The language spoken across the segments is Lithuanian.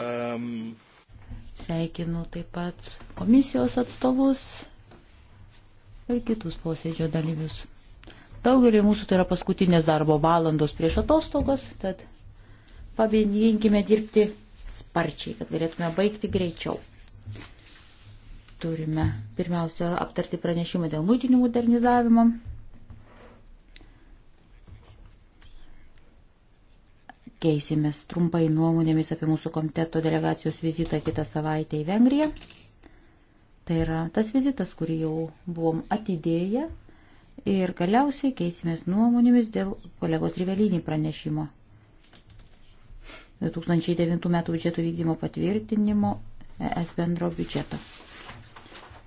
Um. Sveikinu taip pat komisijos atstovus ir kitus posėdžio dalyvius. Daugelį mūsų tai yra paskutinės darbo valandos prieš atostogas, tad pavėdinkime dirbti sparčiai, kad galėtume baigti greičiau. Turime pirmiausia aptarti pranešimą dėl mūtinių modernizavimo. keisimės trumpai nuomonėmis apie mūsų komiteto delegacijos vizitą kitą savaitę į Vengriją. Tai yra tas vizitas, kurį jau buvom atidėję ir galiausiai keisimės nuomonėmis dėl kolegos Rivelinį pranešimo. 2009 metų biudžeto vykdymo patvirtinimo ES bendro biudžeto.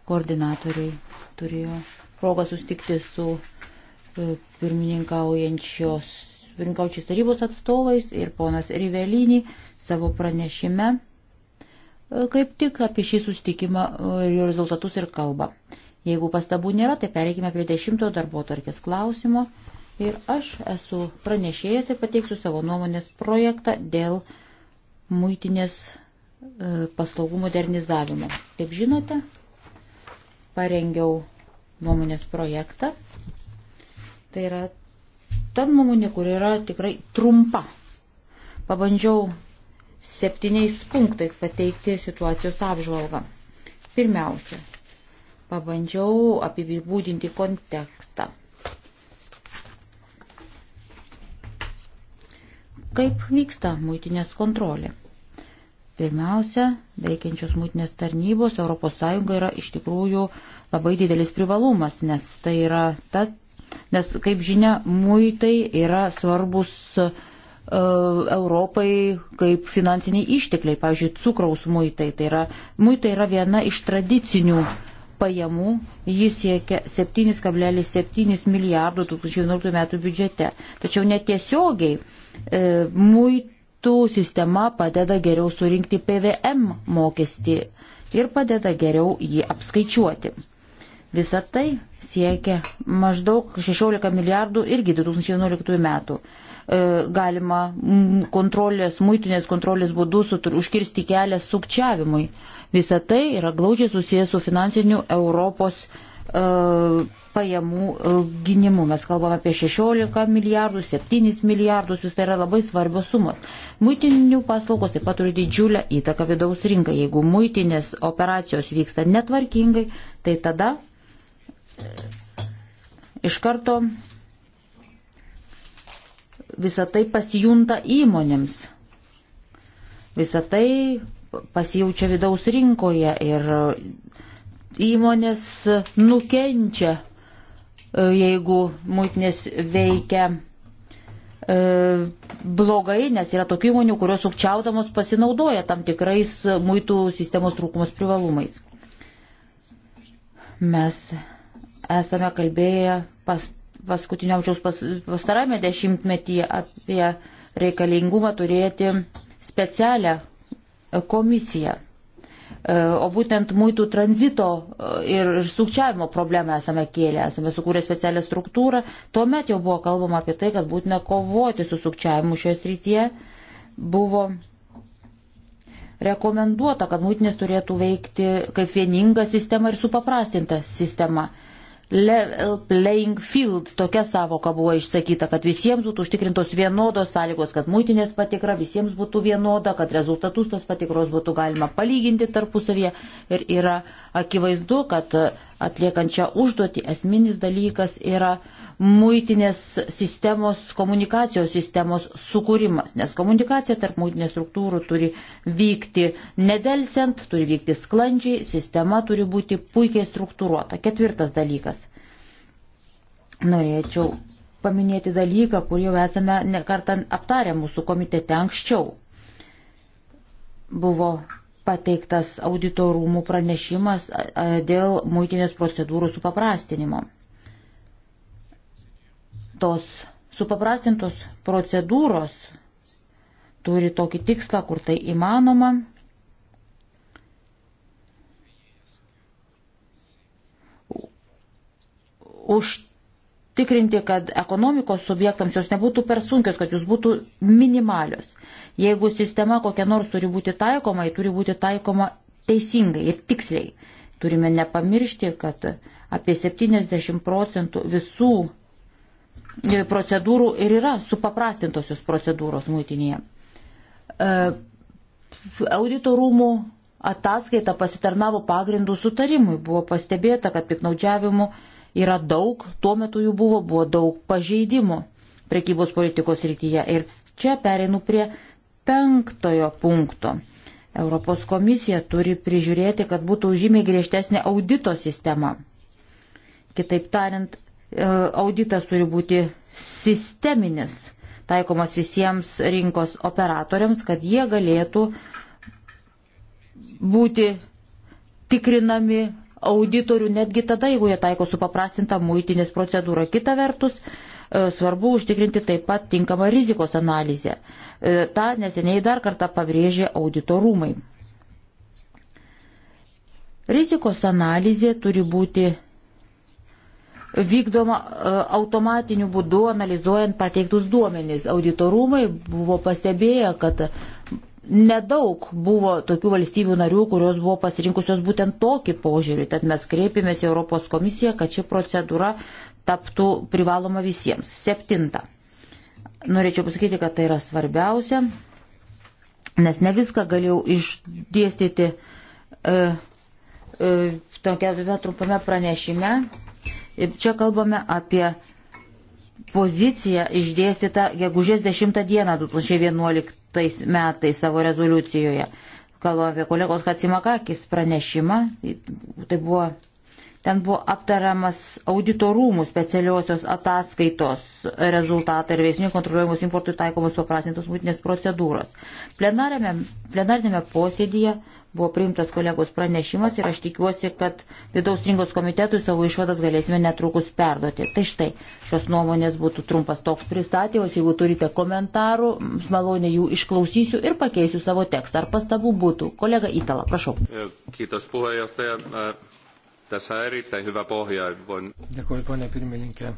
Koordinatoriai turėjo progą sustikti su e, pirmininkaujančios pirinkaučiais tarybos atstovais ir ponas Rivelinį savo pranešime e, kaip tik apie šį sustikimą, e, jo rezultatus ir kalba. Jeigu pastabų nėra, tai pereikime prie dešimtojo darbo tarkės klausimo. Ir aš esu pranešėjęs ir pateiksiu savo nuomonės projektą dėl muitinės e, paslaugų modernizavimo. Kaip žinote, parengiau nuomonės projektą. Tai yra ta nuomonė, kur yra tikrai trumpa. Pabandžiau septyniais punktais pateikti situacijos apžvalgą. Pirmiausia, pabandžiau apibūdinti kontekstą. Kaip vyksta muitinės kontrolė? Pirmiausia, veikiančios muitinės tarnybos ES yra iš tikrųjų labai didelis privalumas, nes tai yra ta Nes, kaip žinia, muitai yra svarbus uh, Europai kaip finansiniai ištekliai, pavyzdžiui, cukraus muitai. Tai yra, muitai yra viena iš tradicinių pajamų, jis siekia 7,7 milijardų 2011 metų biudžete. Tačiau netiesiogiai e, muitų sistema padeda geriau surinkti PVM mokestį ir padeda geriau jį apskaičiuoti. Visa tai siekia maždaug 16 milijardų irgi 2011 metų. E, galima kontrolės, muitinės kontrolės būdų užkirsti kelią sukčiavimui. Visa tai yra glaudžiai susijęs su finansiniu Europos e, pajamų e, gynimu. Mes kalbame apie 16 milijardus, 7 milijardus, vis tai yra labai svarbios sumos. Muitinių paslaugos taip pat turi didžiulę įtaką vidaus rinkai. Jeigu muitinės operacijos vyksta netvarkingai, tai tada iš karto visą tai pasijunta įmonėms. Visą tai pasijaučia vidaus rinkoje ir įmonės nukenčia, e, jeigu muitinės veikia e, blogai, nes yra tokių įmonių, kurios sukčiaudamos pasinaudoja tam tikrais muitų sistemos trūkumos privalumais. Mes esame kalbėję pas, paskutinio amžiaus pas, pastarame dešimtmetyje apie reikalingumą turėti specialią komisiją. E, o būtent muitų tranzito e, ir sukčiavimo problemą esame kėlę, esame sukūrę specialią struktūrą. Tuomet jau buvo kalbama apie tai, kad būtina kovoti su sukčiavimu šioje srityje. Buvo rekomenduota, kad muitinės turėtų veikti kaip vieninga sistema ir supaprastinta sistema level playing field, tokia savoka buvo išsakyta, kad visiems būtų užtikrintos vienodos sąlygos, kad muitinės patikra visiems būtų vienoda, kad rezultatus tos patikros būtų galima palyginti tarpusavėje ir yra akivaizdu, kad atliekančią užduotį esminis dalykas yra muitinės sistemos, komunikacijos sistemos sukūrimas, nes komunikacija tarp muitinės struktūrų turi vykti nedelsiant, turi vykti sklandžiai, sistema turi būti puikiai struktūruota. Ketvirtas dalykas. Norėčiau paminėti dalyką, kur jau esame nekartą aptarę mūsų komitete anksčiau. Buvo pateiktas auditorumų pranešimas dėl muitinės procedūrų supaprastinimo tos supaprastintos procedūros turi tokį tikslą, kur tai įmanoma. Užtikrinti, kad ekonomikos subjektams jos nebūtų per sunkios, kad jos būtų minimalios. Jeigu sistema kokia nors turi būti taikoma, ji turi būti taikoma teisingai ir tiksliai. Turime nepamiršti, kad apie 70 procentų visų E, procedūrų ir yra supaprastintosios procedūros muitinėje. E, audito rūmų ataskaita pasitarnavo pagrindų sutarimui. Buvo pastebėta, kad piknaudžiavimų yra daug, tuo metu jų buvo, buvo daug pažeidimų prekybos politikos rytyje. Ir čia pereinu prie penktojo punkto. Europos komisija turi prižiūrėti, kad būtų žymiai griežtesnė audito sistema. Kitaip tariant, E, auditas turi būti sisteminis, taikomas visiems rinkos operatoriams, kad jie galėtų būti tikrinami auditorių netgi tada, jeigu jie taiko supaprastintą muitinės procedūrą. Kita vertus, e, svarbu užtikrinti taip pat tinkamą rizikos analizę. E, Ta neseniai dar kartą pabrėžė auditorumai. Rizikos analizė turi būti vykdoma e, automatiniu būdu analizuojant pateiktus duomenys. Auditorumai buvo pastebėję, kad nedaug buvo tokių valstybių narių, kurios buvo pasirinkusios būtent tokį požiūrį. Tad mes kreipėmės į Europos komisiją, kad ši procedūra taptų privaloma visiems. Septinta. Norėčiau pasakyti, kad tai yra svarbiausia, nes ne viską galėjau išdėstyti e, e, tokiame trumpame pranešime Ir čia kalbame apie poziciją išdėstytą gegužės 10 dieną 2011 metais savo rezoliucijoje. Kalbame apie kolegos Hatsimakakis pranešimą. Tai buvo Ten buvo aptariamas auditorumų specialiosios ataskaitos rezultatai ir veiksnių kontroliuojamos importui taikomos suprasintos būtinės procedūros. Plenarinėme posėdėje buvo priimtas kolegos pranešimas ir aš tikiuosi, kad vidaus rinkos komitetui savo išvadas galėsime netrukus perduoti. Tai štai, šios nuomonės būtų trumpas toks pristatymas. Jeigu turite komentarų, malonė jų išklausysiu ir pakeisiu savo tekstą. Ar pastabų būtų? Kolega Itala, prašau. Kiitos puheenjohtaja. Tässä on erittäin hyvä pohja. Voin... Dėkuoju, ponė pirmininkė.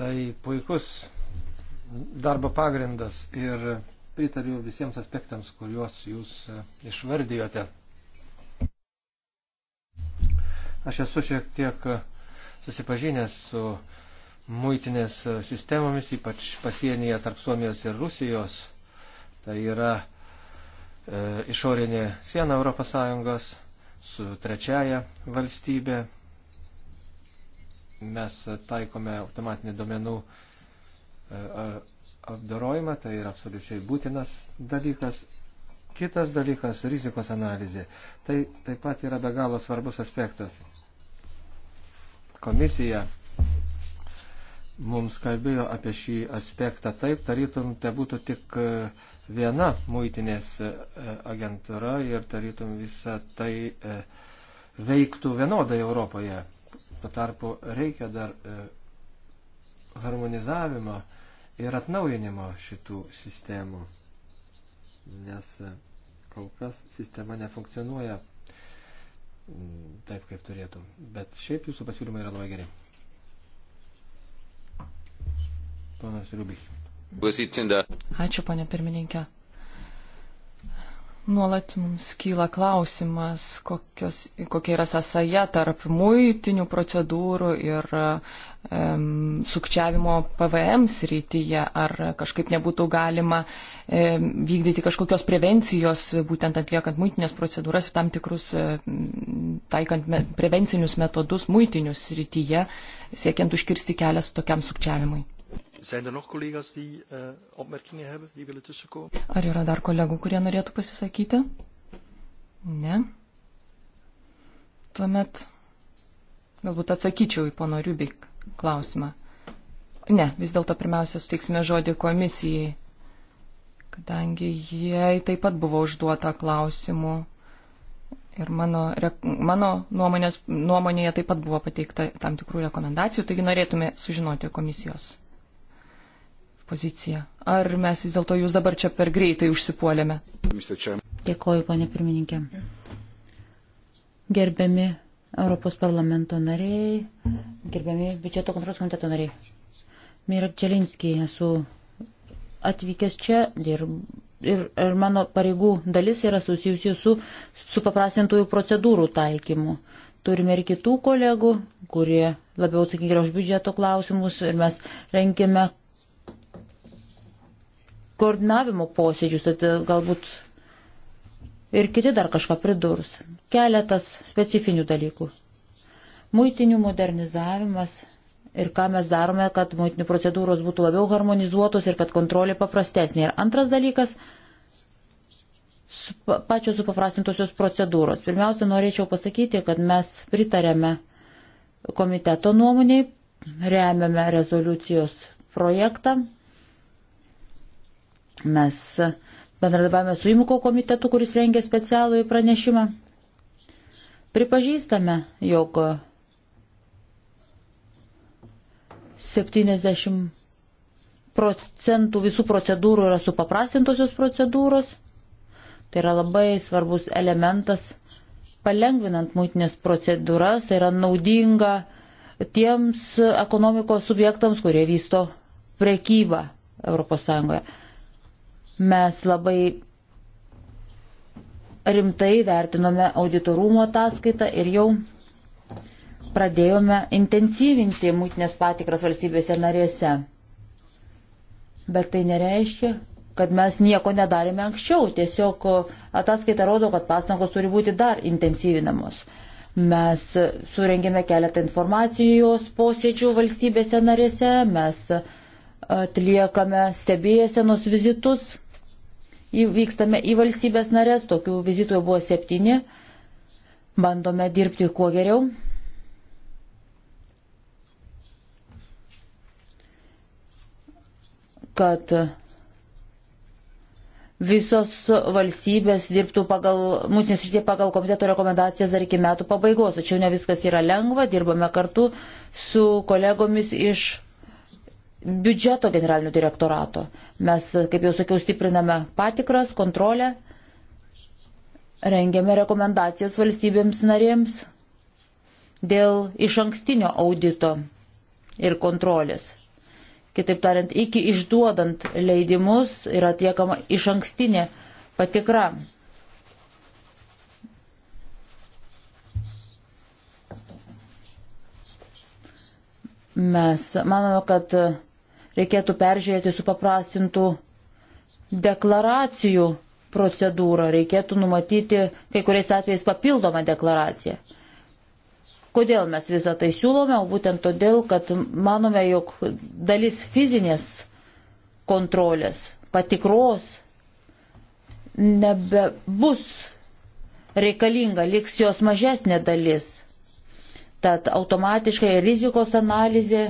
Tai puikus darbo pagrindas ir pritariu visiems aspektams, kuriuos jūs e, išvardijote. Aš esu šiek tiek e, susipažinęs su muitinės e, sistemomis, ypač pasienyje tarp Suomijos ir Rusijos. Tai yra e, išorinė siena ES su trečiaja valstybė. Mes taikome automatinį domenų e, apdarojimą, tai yra absoliučiai būtinas dalykas. Kitas dalykas - rizikos analizė. Tai taip pat yra be galo svarbus aspektas. Komisija mums kalbėjo apie šį aspektą taip, tarytum, te būtų tik uh, viena muitinės e, agentūra ir tarytum visa tai e, veiktų vienodai Europoje. Tuo tarpu reikia dar e, harmonizavimo ir atnaujinimo šitų sistemų, nes kol kas sistema nefunkcionuoja mm, taip, kaip turėtų. Bet šiaip jūsų pasiūlymai yra labai geri. Ponas Rubik. Ačiū, ponė pirmininkė. Nuolat mums kyla klausimas, kokios, kokia yra sąsaja tarp muitinių procedūrų ir um, sukčiavimo PVM srityje, ar kažkaip nebūtų galima um, vykdyti kažkokios prevencijos, būtent atliekant muitinės procedūras ir tam tikrus, um, taikant me, prevencinius metodus muitinius srityje, siekiant užkirsti kelią su tokiam sukčiavimui. Zijn er nog collega's die uh, opmerkingen hebben, die willen tussenkomen? Ar yra dar kolegų, kurie norėtų pasisakyti? Ne. Tuomet galbūt atsakyčiau į pono Rubik klausimą. Ne, vis dėlto pirmiausia suteiksime žodį komisijai, kadangi jai taip pat buvo užduota klausimų ir mano, mano nuomonės, nuomonėje taip pat buvo pateikta tam tikrų rekomendacijų, taigi norėtume sužinoti komisijos poziciją. Ar mes vis dėlto jūs dabar čia per greitai užsipuolėme? Dėkoju, ponė pirmininkė. Gerbiami Europos parlamento nariai, gerbiami biudžeto kontrolos komiteto nariai. Mirak Čelinski, esu atvykęs čia ir, ir, ir mano pareigų dalis yra susijusi su supaprastintųjų procedūrų taikymu. Turime ir kitų kolegų, kurie labiau atsakingi yra už biudžeto klausimus ir mes renkime koordinavimo posėdžius, tad e, galbūt ir kiti dar kažką pridurs. Keletas specifinių dalykų. Muitinių modernizavimas ir ką mes darome, kad muitinių procedūros būtų labiau harmonizuotos ir kad kontrolė paprastesnė. Ir antras dalykas - pačios supaprastintosios procedūros. Pirmiausia, norėčiau pasakyti, kad mes pritarėme komiteto nuomoniai, remiame rezoliucijos projektą, Mes bendradarbiavame su įmuko komitetu, kuris rengia specialų pranešimą. Pripažįstame, jog 70 procentų visų procedūrų yra supaprastintosios procedūros. Tai yra labai svarbus elementas palengvinant mūtinės procedūras, tai yra naudinga tiems ekonomikos subjektams, kurie vysto prekybą ES. Mes labai rimtai vertinome auditorumo ataskaitą ir jau pradėjome intensyvinti mūtinės patikras valstybėse narėse. Bet tai nereiškia, kad mes nieko nedarėme anksčiau. Tiesiog ataskaita rodo, kad pastangos turi būti dar intensyvinamos. Mes surengėme keletą informacijos posėdžių valstybėse narėse, mes atliekame stebėsenos vizitus vykstame į valstybės narės, tokių vizitų jau buvo septyni, bandome dirbti kuo geriau. kad visos valstybės dirbtų pagal, mūtinės rytė pagal komiteto rekomendacijas dar iki metų pabaigos. Tačiau ne viskas yra lengva, dirbame kartu su kolegomis iš biudžeto generalinio direktorato. Mes, kaip jau sakiau, stipriname patikras, kontrolę, rengiame rekomendacijas valstybėms narėms dėl iš ankstinio audito ir kontrolės. Kitaip tariant, iki išduodant leidimus yra atliekama iš ankstinė patikra. Mes manome, kad reikėtų peržiūrėti supaprastintų deklaracijų procedūrą, reikėtų numatyti kai kuriais atvejais papildomą deklaraciją. Kodėl mes visą tai siūlome? O būtent todėl, kad manome, jog dalis fizinės kontrolės, patikros nebebus reikalinga, liks jos mažesnė dalis. Tad automatiškai rizikos analizė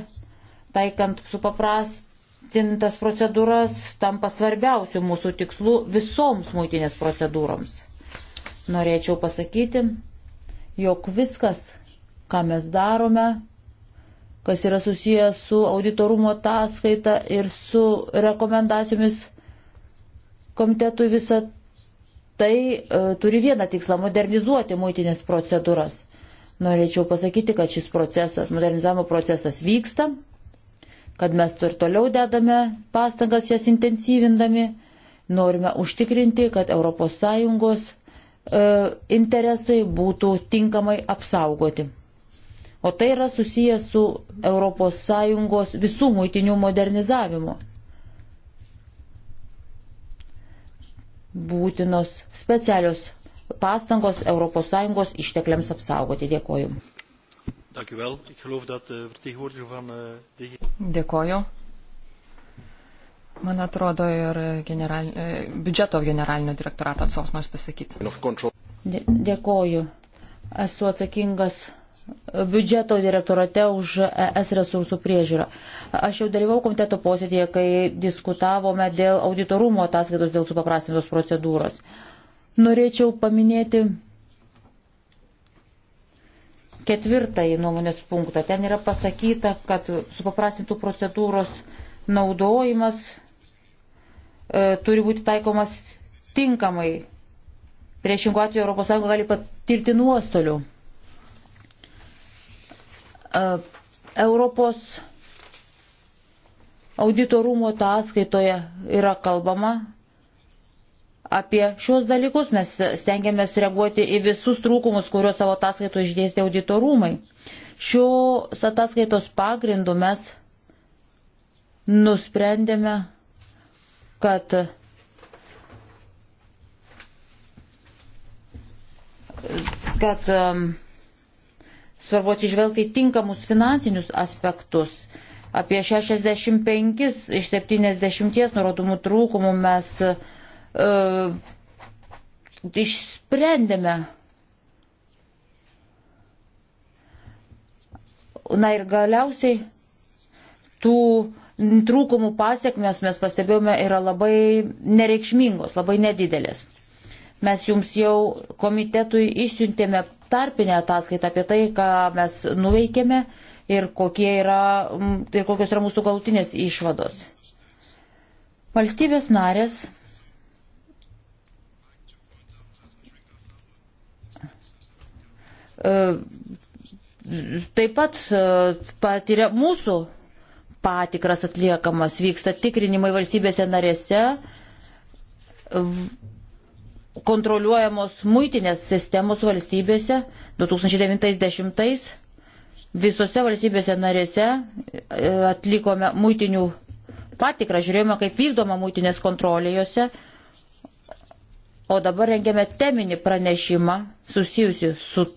taikant supaprastintas procedūras, tampa svarbiausių mūsų tikslų visoms muitinės procedūroms. Norėčiau pasakyti, jog viskas, ką mes darome, kas yra susijęs su auditorumo ataskaita ir su rekomendacijomis komitetui, visa tai e, turi vieną tikslą - modernizuoti muitinės procedūras. Norėčiau pasakyti, kad šis procesas, modernizavimo procesas vyksta, kad mes ir toliau dedame pastangas jas intensyvindami, norime užtikrinti, kad ES e, interesai būtų tinkamai apsaugoti. O tai yra susijęs su ES visų muitinių modernizavimu. Būtinos specialios pastangos ES ištekliams apsaugoti. Dėkoju. Dank u wel. Ik geloof dat de vertegenwoordiger van eh, de... Dėkoju. Man atrodo ir eh, general... Eh, biudžeto generalinio direktorato atsovas nors pasakyti. Dėkoju. Esu atsakingas biudžeto direktorate už ES resursų priežiūrą. Aš jau dalyvau komiteto posėdėje, kai diskutavome dėl auditorumo ataskaitos dėl supaprastintos procedūros. Norėčiau paminėti ketvirtąjį nuomonės punktą. Ten yra pasakyta, kad supaprastintų procedūros naudojimas e, turi būti taikomas tinkamai. Priešingų atveju ES gali patirti nuostolių. E, Europos auditorumo ataskaitoje yra kalbama apie šios dalykus. Mes stengiamės reaguoti į visus trūkumus, kuriuos savo ataskaito išdėstė auditorumai. Šios ataskaitos pagrindų mes nusprendėme, kad kad um, svarbu atsižvelgti į tinkamus finansinius aspektus. Apie 65 iš 70 nurodomų trūkumų mes uh, uh, išsprendėme. Na ir galiausiai tų trūkumų pasiekmes mes pastebėjome yra labai nereikšmingos, labai nedidelės. Mes jums jau komitetui išsiuntėme tarpinę ataskaitą apie tai, ką mes nuveikėme ir, yra, ir kokios yra mūsų galutinės išvados. Valstybės narės E, taip pat e, patiria mūsų patikras atliekamas, vyksta tikrinimai valstybėse narėse, kontroliuojamos muitinės sistemos valstybėse 2090 visose valstybėse narėse e, atlikome muitinių patikrą, žiūrėjome, kaip vykdoma muitinės kontrolė juose, o dabar rengiame teminį pranešimą susijusi su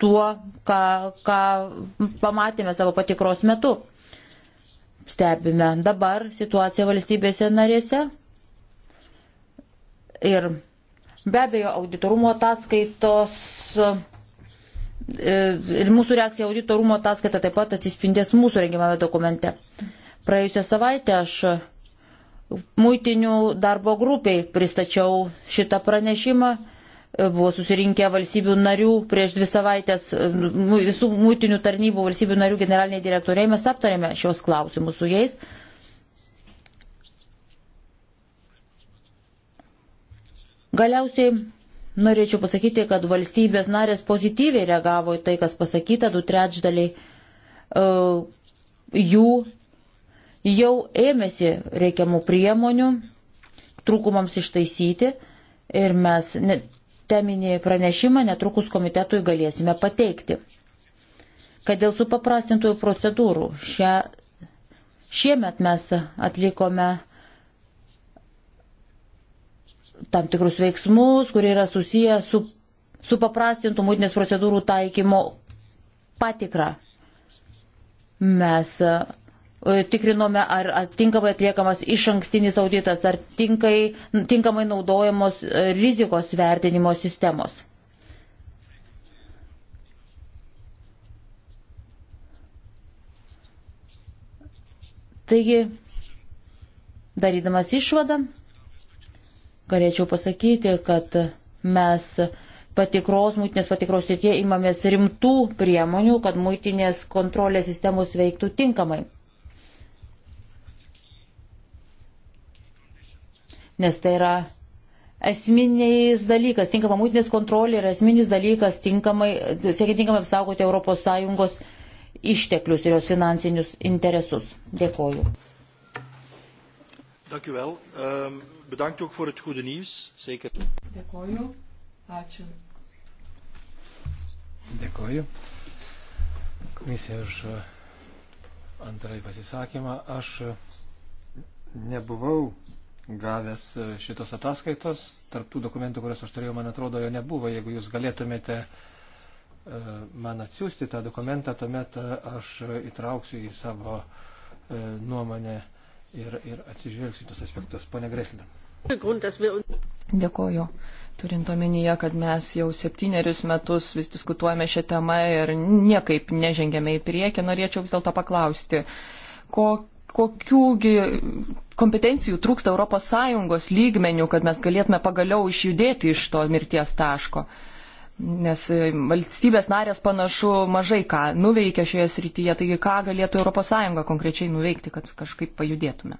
tuo, ką, ką pamatėme savo patikros metu. Stebime dabar situaciją valstybėse narėse. Ir be abejo, auditorumo ataskaitos e, ir mūsų reakcija auditorumo ataskaita taip pat atsispindės mūsų rengimame dokumente. Praėjusią savaitę aš muitinių darbo grupiai pristačiau šitą pranešimą buvo susirinkę valstybių narių prieš dvi savaitės visų mūtinių tarnybų valstybių narių generaliniai direktoriai, mes aptarėme šios klausimus su jais. Galiausiai norėčiau pasakyti, kad valstybės narės pozityviai reagavo į tai, kas pasakyta, du trečdaliai uh, jų jau ėmėsi reikiamų priemonių trūkumams ištaisyti ir mes ne, teminį pranešimą netrukus komitetui galėsime pateikti. Kad dėl supaprastintųjų procedūrų šia, šiemet mes atlikome tam tikrus veiksmus, kurie yra susiję su supaprastintų muitinės procedūrų taikymo patikrą. Mes E, tikrinome, ar tinkamai atliekamas iš ankstinis auditas, ar tinkai, tinkamai naudojamos e, rizikos vertinimo sistemos. Taigi, darydamas išvadą, galėčiau pasakyti, kad mes patikros, mūtinės patikros srityje imamės rimtų priemonių, kad mūtinės kontrolės sistemos veiktų tinkamai. nes tai yra esminis dalykas, tinkama mūtinės kontrolė yra esminis dalykas, tinkamai, siekia tinkamai apsaugoti ES išteklius ir jos finansinius interesus. Dėkoju. Dank u wel. Um, ehm, bedankt ook voor het goede nieuws. Zeker. Dėkoju. Ačiū. Dėkoju. Komisija už e, antrąjį pasisakymą. Aš e, nebuvau gavęs e, šitos ataskaitos. Tarptų dokumentų, kuriuos aš turėjau, man atrodo, jo nebuvo. Jeigu jūs galėtumėte e, man atsiųsti tą dokumentą, tuomet e, aš įtrauksiu į savo nuomonę ir, ir atsižvelgsiu į tos aspektus. Pone Greslin. Dėkoju. Turint omenyje, kad mes jau septynerius metus vis diskutuojame šią temą ir niekaip nežengėme į priekį, norėčiau vis dėlto paklausti, kokia kokiųgi kompetencijų trūksta ES lygmenių, kad mes galėtume pagaliau išjudėti iš to mirties taško. Nes e, valstybės narės panašu mažai ką nuveikia šioje srityje, taigi ką galėtų ES konkrečiai nuveikti, kad kažkaip pajudėtume.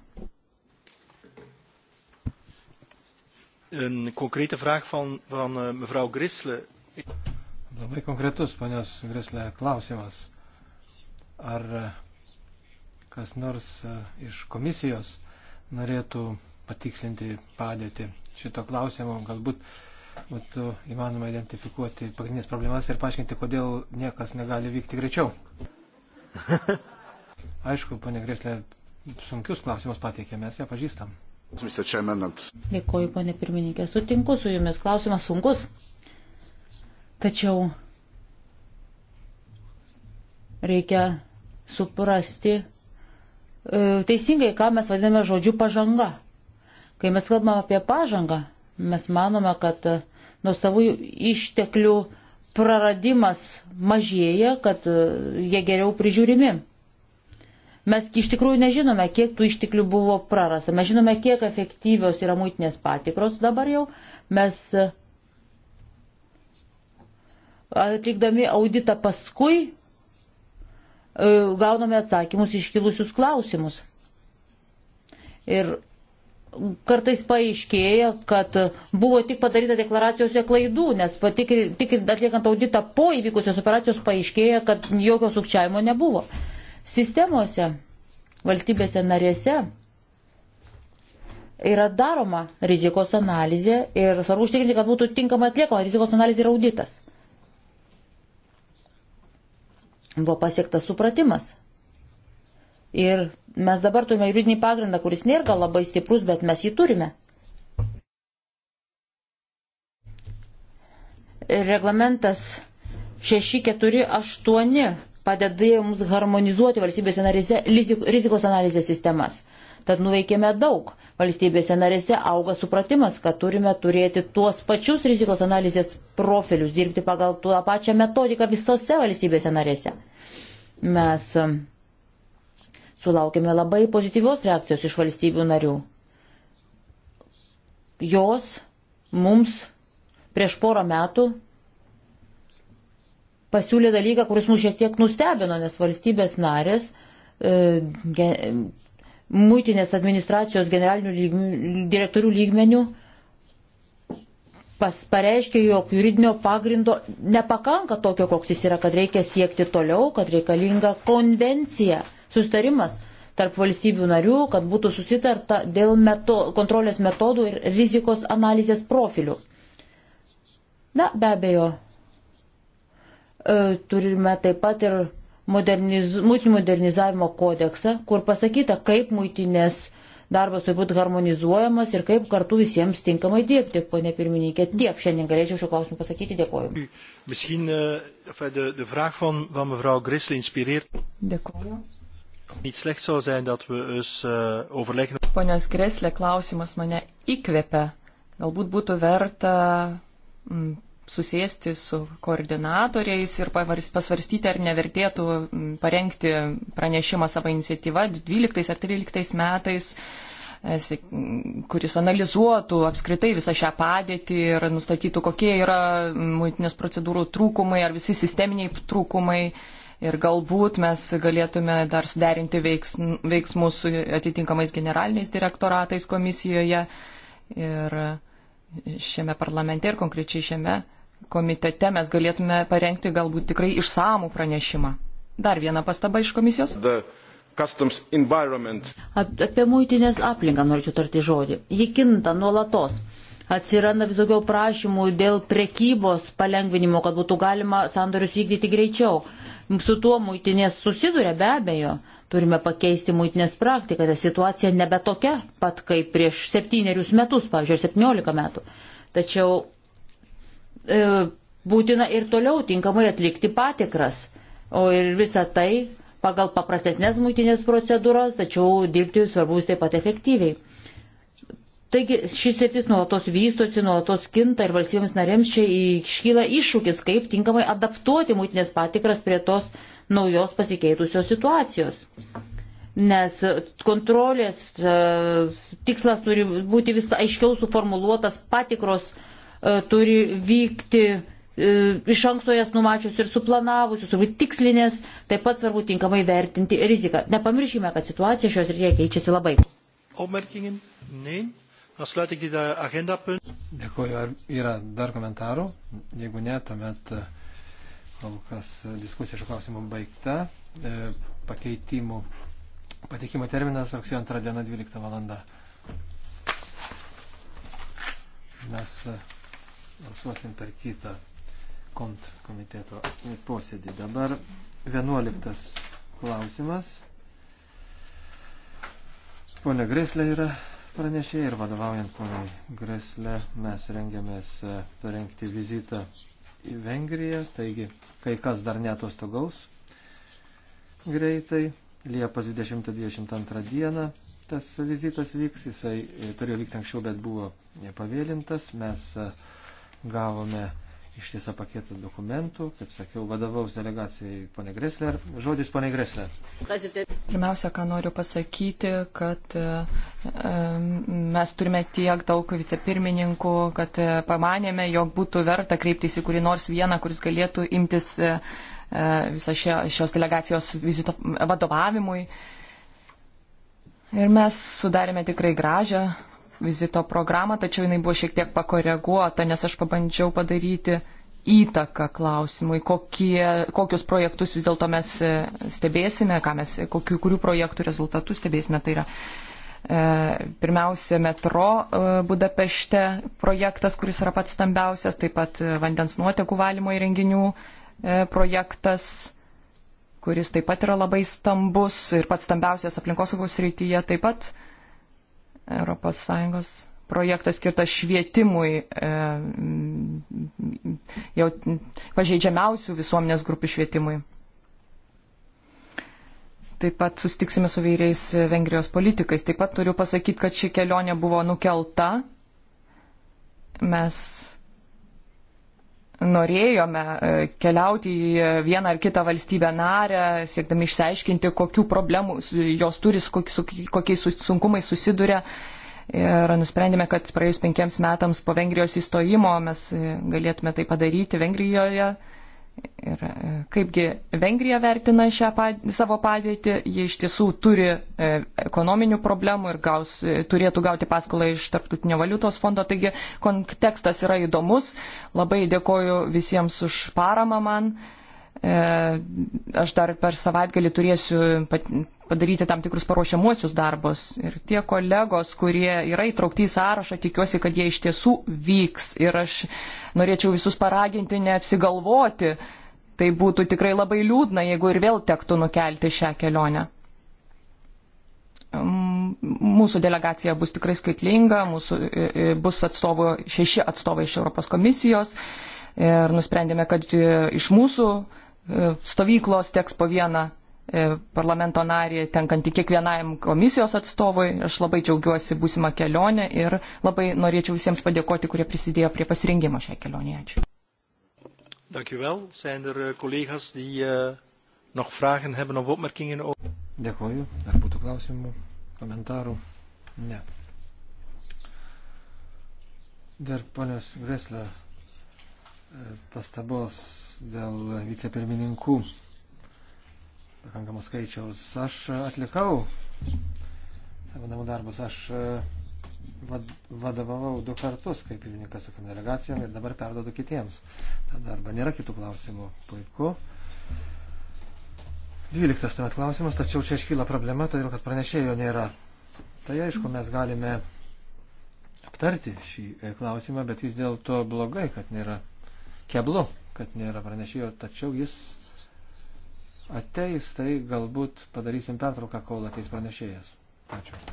Een concrete vraag van, van uh, mevrouw Grisle. Labai konkretus ponios Grisle klausimas. Ar uh, kas nors e, iš komisijos norėtų patikslinti padėtį šito klausimo, galbūt būtų įmanoma identifikuoti pagrindinės problemas ir paaiškinti, kodėl niekas negali vykti greičiau. Aišku, ponė Greslė, sunkius klausimus pateikė, mes ją pažįstam. Dėkoju, ponė pirmininkė, sutinku su jumis, klausimas sunkus. Tačiau reikia suprasti, E, teisingai, ką mes vadiname žodžiu pažanga. Kai mes kalbame apie pažangą, mes manome, kad e, nuo savųjų išteklių praradimas mažėja, kad e, jie geriau prižiūrimi. Mes iš tikrųjų nežinome, kiek tų išteklių buvo prarasta. Mes žinome, kiek efektyvios yra mūtinės patikros dabar jau. Mes atlikdami auditą paskui E, gauname atsakymus iškilusius klausimus. Ir kartais paaiškėja, kad buvo tik padaryta deklaracijose klaidų, nes patikri, tik atliekant auditą po įvykusios operacijos paaiškėja, kad jokio sukčiavimo nebuvo. Sistemose, valstybėse narėse yra daroma rizikos analizė ir svarbu užtikrinti, kad būtų tinkamai atliekama rizikos analizė ir auditas buvo pasiektas supratimas. Ir mes dabar turime juridinį pagrindą, kuris nėra gal labai stiprus, bet mes jį turime. Reglamentas 648 padeda mums harmonizuoti valstybės analizė, rizikos analizės sistemas. Tad nuveikėme daug. Valstybėse narėse auga supratimas, kad turime turėti tuos pačius rizikos analizės profilius, dirbti pagal tą pačią metodiką visose valstybėse narėse. Mes um, sulaukėme labai pozityvios reakcijos iš valstybių narių. Jos mums prieš porą metų pasiūlė dalyką, kuris mus šiek tiek nustebino, nes valstybės narės e, muitinės administracijos generalinių lygmenių, direktorių lygmenių pas, pareiškė, jog juridinio pagrindo nepakanka tokio, koks jis yra, kad reikia siekti toliau, kad reikalinga konvencija, sustarimas tarp valstybių narių, kad būtų susitarta dėl meto, kontrolės metodų ir rizikos analizės profilių. Na, be abejo, e, turime taip pat ir moderniz, mūtinių modernizavimo kodeksą, kur pasakyta, kaip mūtinės darbas turi būti harmonizuojamas ir kaip kartu visiems tinkamai dirbti, ponė pirmininkė. Tiek šiandien galėčiau šio klausimu pasakyti. Dėkoju. Nu, eh, Dėkoju. Eh, Ponios Greslė klausimas mane įkvėpia. Galbūt būtų verta mm, susėsti su koordinatoriais ir pasvarstyti, ar nevertėtų parengti pranešimą savo iniciatyvą 12 ar 13 metais e, kuris analizuotų apskritai visą šią padėtį ir nustatytų, kokie yra muitinės procedūrų trūkumai ar visi sisteminiai trūkumai. Ir galbūt mes galėtume dar suderinti veiksmus su atitinkamais generaliniais direktoratais komisijoje ir šiame parlamente ir konkrečiai šiame komitete mes galėtume parengti galbūt tikrai išsamų pranešimą. Dar viena pastaba iš komisijos. Apie muitinės aplinką norėčiau tarti žodį. Ji kinta nuolatos. Atsiranda vis daugiau prašymų dėl prekybos palengvinimo, kad būtų galima sandorius vykdyti greičiau. Su tuo muitinės susiduria be abejo. Turime pakeisti muitinės praktiką, ta situacija nebe tokia pat kaip prieš septynerius metus, pavyzdžiui, septyniolika metų. Tačiau E, būtina ir toliau tinkamai atlikti patikras. O ir visa tai pagal paprastesnės mūtinės procedūras, tačiau dirbti svarbu taip pat efektyviai. Taigi šis sėtis nuolatos vystosi, nuolatos kinta ir valstybėms narėms čia iškyla iššūkis, kaip tinkamai adaptuoti mūtinės patikras prie tos naujos pasikeitusios situacijos. Nes kontrolės e, tikslas turi būti vis aiškiau suformuluotas patikros uh, E, turi vykti e, iš anksto jas numačius ir suplanavusius, turbūt tikslinės, taip pat svarbu tinkamai vertinti riziką. Nepamirškime, kad situacija šios rytyje keičiasi labai. Dėkuoju, ar yra dar komentarų? Jeigu ne, tuomet e, kol kas diskusija šio klausimu baigta. Pakeitimų pateikimo terminas rugsėjo 2 diena 12 valanda. Mes balsuosim per kitą kont komiteto posėdį. Dabar 11 klausimas. Pone Greslė yra pranešė ir vadovaujant poniai Greslė mes rengiamės e, parengti vizitą į Vengriją, taigi kai kas dar netostogaus greitai. Liepos 20-22 dieną tas vizitas vyks, jisai e, turėjo vykti anksčiau, bet buvo pavėlintas. Mes uh, gavome iš tiesą paketą dokumentų, kaip sakiau, vadovaus delegacijai ponė Gresler. Žodis ponė Gresler. Pirmiausia, ką noriu pasakyti, kad e, e, mes turime tiek daug vicepirmininkų, kad e, pamanėme, jog būtų verta kreiptis į kurį nors vieną, kuris galėtų imtis visą šios delegacijos vizito vadovavimui. Ir mes sudarėme tikrai gražią vizito programą, tačiau jinai buvo šiek tiek pakoreguota, nes aš pabandžiau padaryti įtaką klausimui, kokie, kokius projektus vis dėlto mes e, stebėsime, mes, kokių, kurių projektų rezultatus stebėsime. Tai yra e, Pirmiausia, metro e, Budapešte projektas, kuris yra pats stambiausias, taip pat vandens nuotekų valymo įrenginių projektas, kuris taip pat yra labai stambus ir pats stambiausias aplinkosaugos rytyje, taip pat ES projektas skirtas švietimui e, jau pažeidžiamiausių visuomenės grupių švietimui. Taip pat sustiksime su vairiais Vengrijos politikais. Taip pat turiu pasakyti, kad ši kelionė buvo nukelta. Mes norėjome e, keliauti į vieną ar kitą valstybę narę, siekdami išsiaiškinti, kokių problemų jos turi, su kokiais sunkumais susiduria. Ir nusprendėme, kad praėjus penkiems metams po Vengrijos įstojimo mes e, galėtume tai padaryti Vengrijoje Ir e, kaipgi Vengrija vertina šią padėtį, savo padėtį, jie iš tiesų turi e, ekonominių problemų ir gaus, e, turėtų gauti paskolą iš Tarptautinio valiutos fondo, taigi kontekstas yra įdomus. Labai dėkoju visiems už paramą man. E, aš dar per savaitgalį turėsiu padaryti tam tikrus paruošiamuosius darbus. Ir tie kolegos, kurie yra įtraukti į sąrašą, tikiuosi, kad jie iš tiesų vyks. Ir aš norėčiau visus paraginti neapsigalvoti. Tai būtų tikrai labai liūdna, jeigu ir vėl tektų nukelti šią kelionę mūsų delegacija bus tikrai skaitlinga, mūsų, e, e, bus atstovų, šeši atstovai iš Europos komisijos ir nusprendėme, kad iš mūsų E, stovyklos teks po vieną e, parlamento narį, tenkantį kiekvienam komisijos atstovui. Aš labai džiaugiuosi būsimą kelionę ir labai norėčiau visiems padėkoti, kurie prisidėjo prie pasirinkimo šią kelionę. Ačiū. Dankjewel. Zijn er eh, collega's die uh, nog vragen hebben of opmerkingen over? Dėkuoju. Ar būtų klausimų, komentarų? Ne. Dar ponios Greslė eh, pastabos dėl vicepirmininkų pakankamos skaičiaus. Aš atlikau savo namų darbus. Aš e, vad, vadovavau du kartus kaip pirmininkas tokiam delegacijom ir dabar perdodu kitiems tą darbą. Nėra kitų klausimų. Puiku. Dvyliktas tuomet klausimas, tačiau čia iškyla problema, todėl kad pranešėjo nėra. Tai aišku, mes galime aptarti šį e, klausimą, bet vis dėlto blogai, kad nėra keblu kad nėra pranešėjo, tačiau jis ateis, tai galbūt padarysim pertrauką, kol ateis pranešėjas. Ačiū.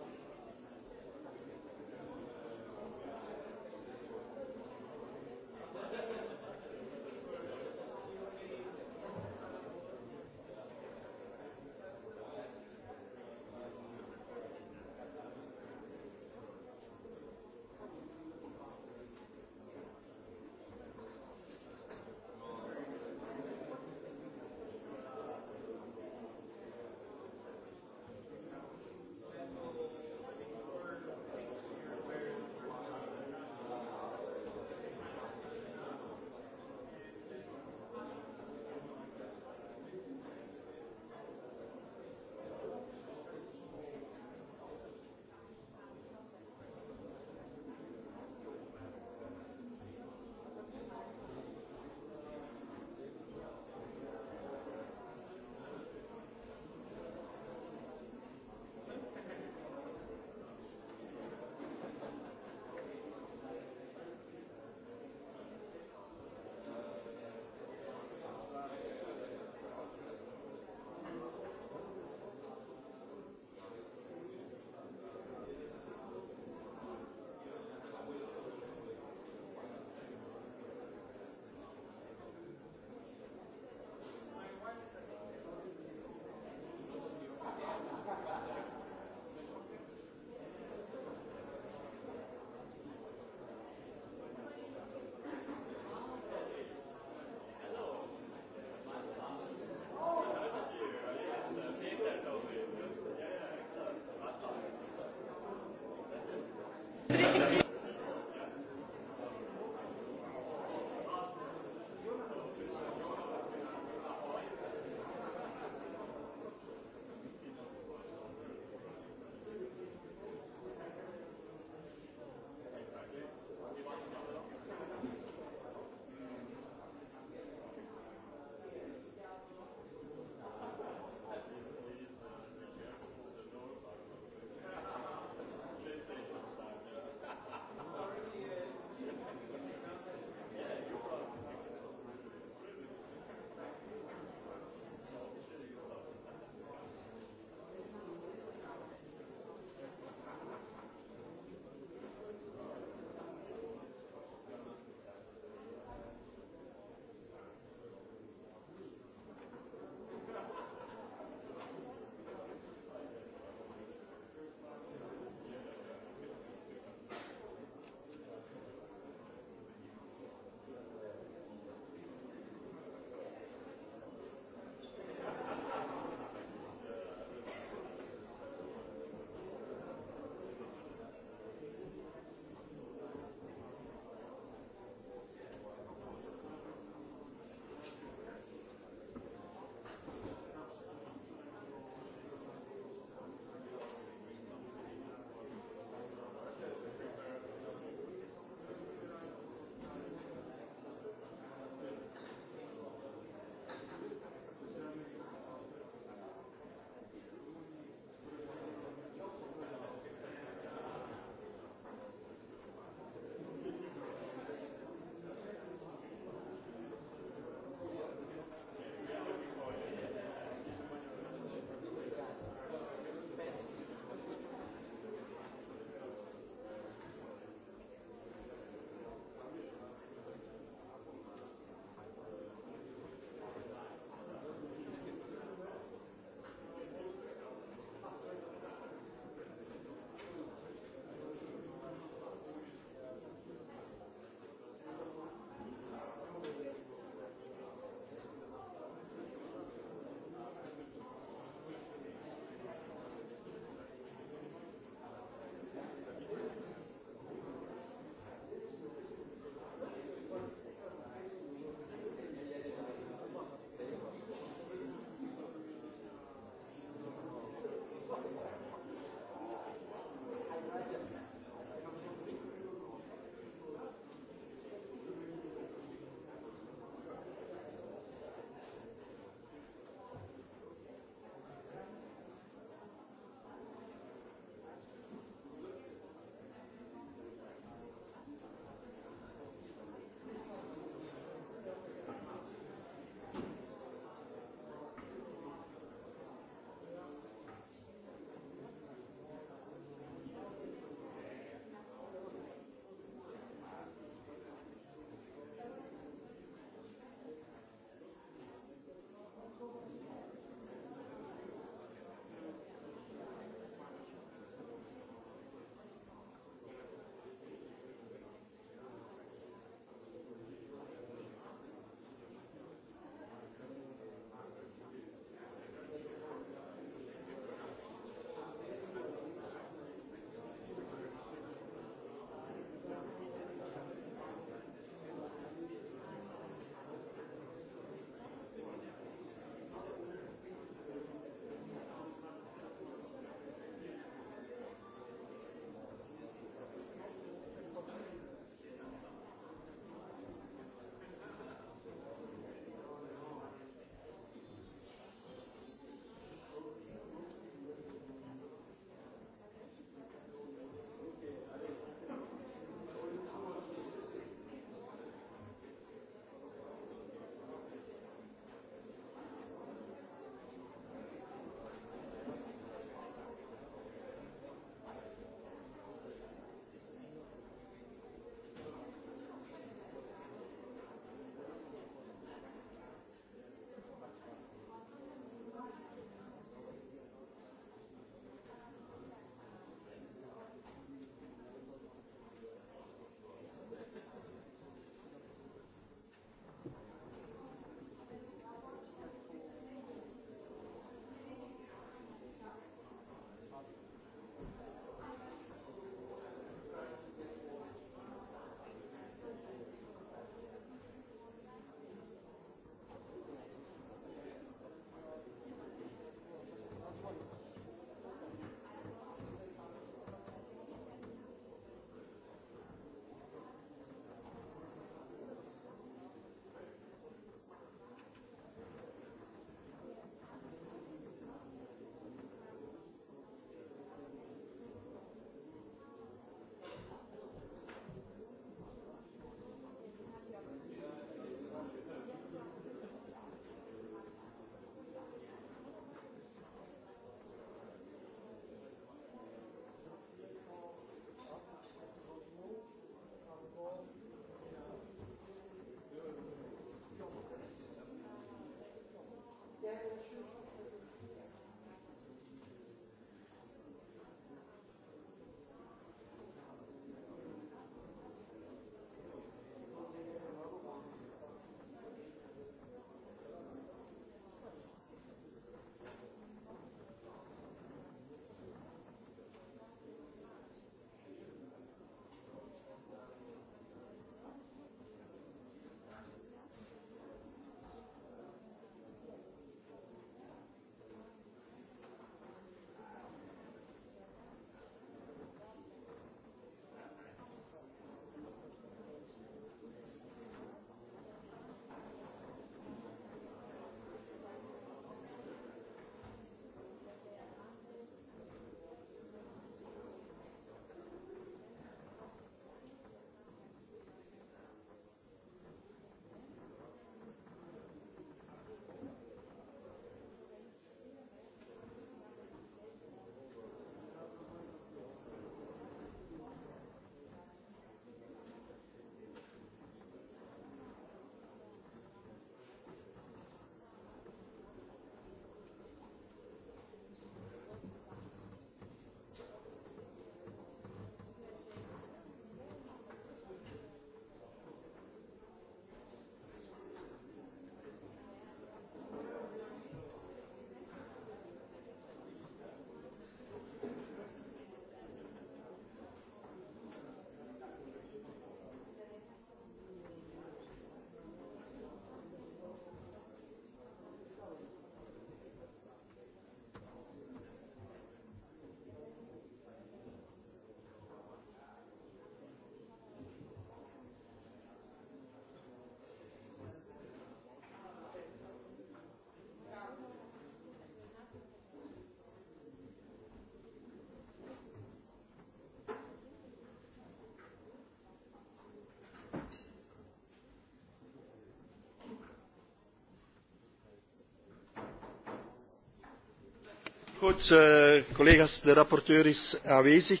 Goed, uh, collega's, de rapporteur is aanwezig.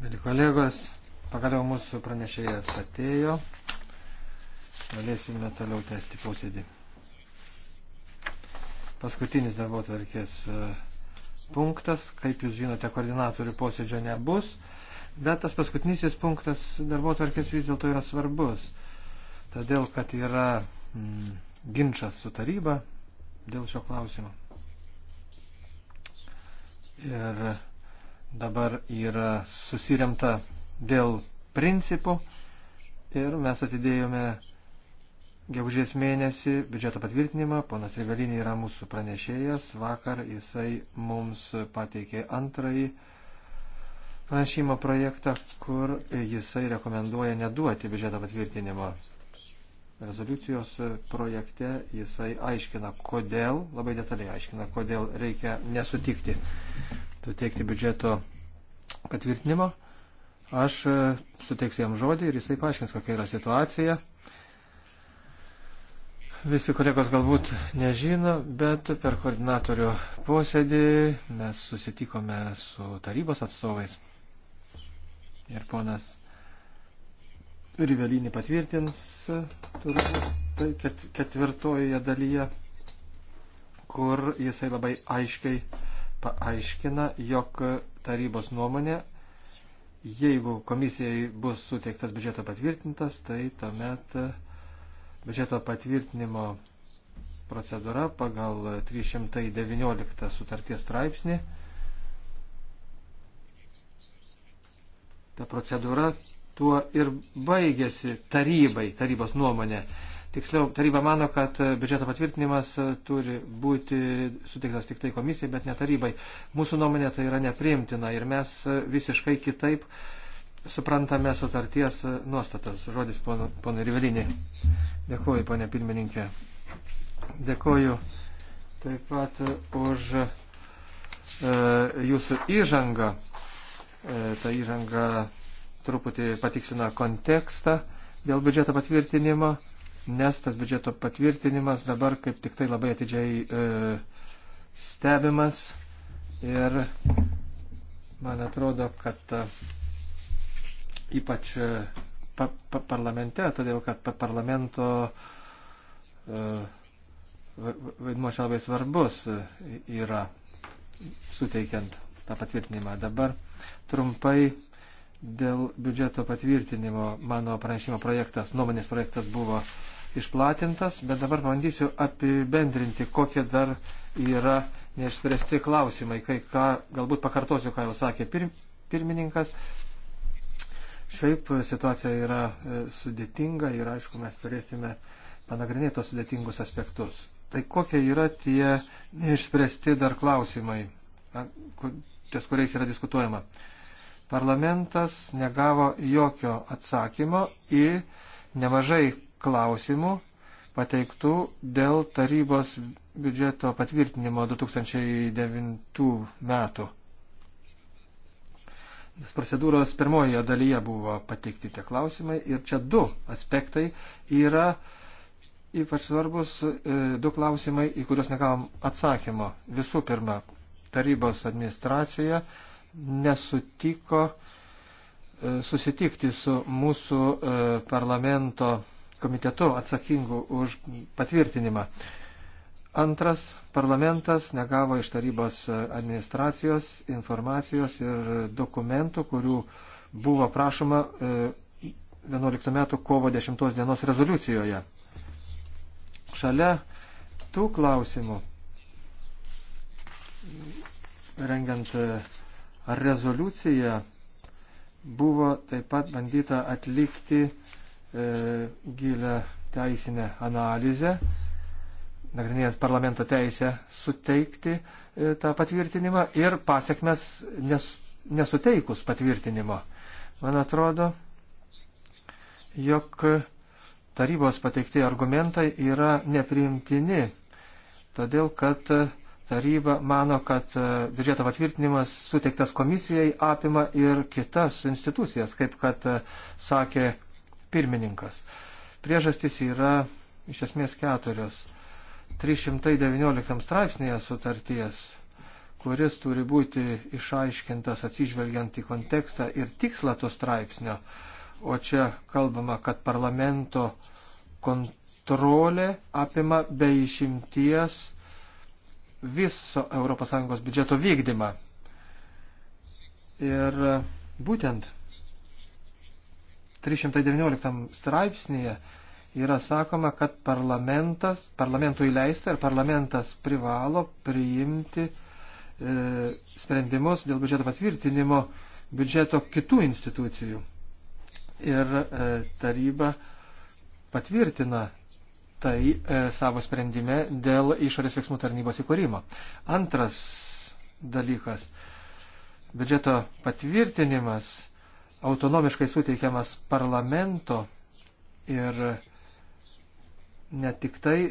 Mėly kolegos, pagaliau mūsų pranešėjas atėjo. Galėsime toliau tęsti posėdį. Paskutinis darbo tvarkės eh, punktas. Kaip jūs žinote, koordinatorių posėdžio nebus, bet tas paskutinisis punktas darbo tvarkės vis dėlto yra svarbus. Todėl, kad yra mm, ginčas su taryba dėl šio klausimo. Ir dabar yra susiremta dėl principų ir mes atidėjome gegužės mėnesį biudžeto patvirtinimą. Ponas Rivelinė yra mūsų pranešėjas. Vakar jisai mums pateikė antrąjį pranešimo projektą, kur jisai rekomenduoja neduoti biudžeto patvirtinimo rezoliucijos projekte jisai aiškina, kodėl, labai detaliai aiškina, kodėl reikia nesutikti suteikti biudžeto patvirtinimo. Aš e, suteiksiu jam žodį ir jisai paaiškins, kokia yra situacija. Visi kolegos galbūt nežino, bet per koordinatorių posėdį mes susitikome su tarybos atstovais. Ir ponas Rivelinį patvirtins turbūt tai ket, ketvirtojoje dalyje, kur jisai labai aiškiai paaiškina, jog tarybos nuomonė, jeigu komisijai bus suteiktas biudžeto patvirtintas, tai tuomet e, biudžeto patvirtinimo procedūra pagal 319 sutarties straipsnį. Ta procedūra tuo ir baigėsi tarybai, tarybos nuomonė. Tiksliau, taryba mano, kad biudžeto patvirtinimas turi būti suteiktas tik tai komisijai, bet ne tarybai. Mūsų nuomonė tai yra nepriimtina ir mes visiškai kitaip suprantame sutarties nuostatas. Žodis ponai Rivelinė. Dėkuoju, ponė pirmininkė. Dėkuoju taip pat už e, jūsų įžangą. E, ta įžanga truputį patiksino kontekstą dėl biudžeto patvirtinimo, nes tas biudžeto patvirtinimas dabar kaip tik tai labai atidžiai e, stebimas ir man atrodo, kad e, ypač e, pa, pa, parlamente, todėl kad pa, parlamento e, vaidmo čia labai svarbus e, yra suteikiant tą patvirtinimą. Dabar trumpai dėl biudžeto patvirtinimo mano pranešimo projektas, nuomonės projektas buvo išplatintas, bet dabar bandysiu apibendrinti, kokie dar yra neišspręsti klausimai. Kai ką, galbūt pakartosiu, ką jau sakė pir, pirmininkas. Šiaip situacija yra e, sudėtinga ir aišku, mes turėsime panagrinėti tos sudėtingus aspektus. Tai kokie yra tie neišspręsti dar klausimai, ties kuriais yra diskutuojama parlamentas negavo jokio atsakymo į nemažai klausimų pateiktų dėl tarybos biudžeto patvirtinimo 2009 metų. Nes procedūros pirmojoje dalyje buvo pateikti tie klausimai ir čia du aspektai yra ypač svarbus, e, du klausimai, į kuriuos negavom atsakymo. Visų pirma, tarybos administracija nesutiko e, susitikti su mūsų e, parlamento komitetu atsakingu už patvirtinimą. Antras, parlamentas negavo iš tarybos e, administracijos informacijos ir dokumentų, kurių buvo prašoma 11 metų kovo 10 dienos rezoliucijoje. Šalia tų klausimų, rengiant rezoliuciją buvo taip pat bandyta atlikti e, gilę teisinę analizę, nagrinėjant parlamento teisę suteikti e, tą patvirtinimą ir pasiekmes nes, nesuteikus patvirtinimo. Man atrodo, jog tarybos pateikti argumentai yra nepriimtini, todėl kad e, Taryba mano, kad e, biudžeto patvirtinimas suteiktas komisijai apima ir kitas institucijas, kaip kad e, sakė pirmininkas. Priežastys yra iš esmės keturios. 319 straipsnėje sutarties, kuris turi būti išaiškintas atsižvelgiant į kontekstą ir tikslą to straipsnio, o čia kalbama, kad parlamento kontrolė apima be išimties viso ES biudžeto vykdymą. Ir būtent 319 straipsnėje yra sakoma, kad parlamentas, parlamentų įleista ir parlamentas privalo priimti e, sprendimus dėl biudžeto patvirtinimo biudžeto kitų institucijų. Ir e, taryba patvirtina tai e, savo sprendime dėl išorės veiksmų tarnybos įkūrimo. Antras dalykas - biudžeto patvirtinimas autonomiškai suteikiamas parlamento ir ne tik tai e,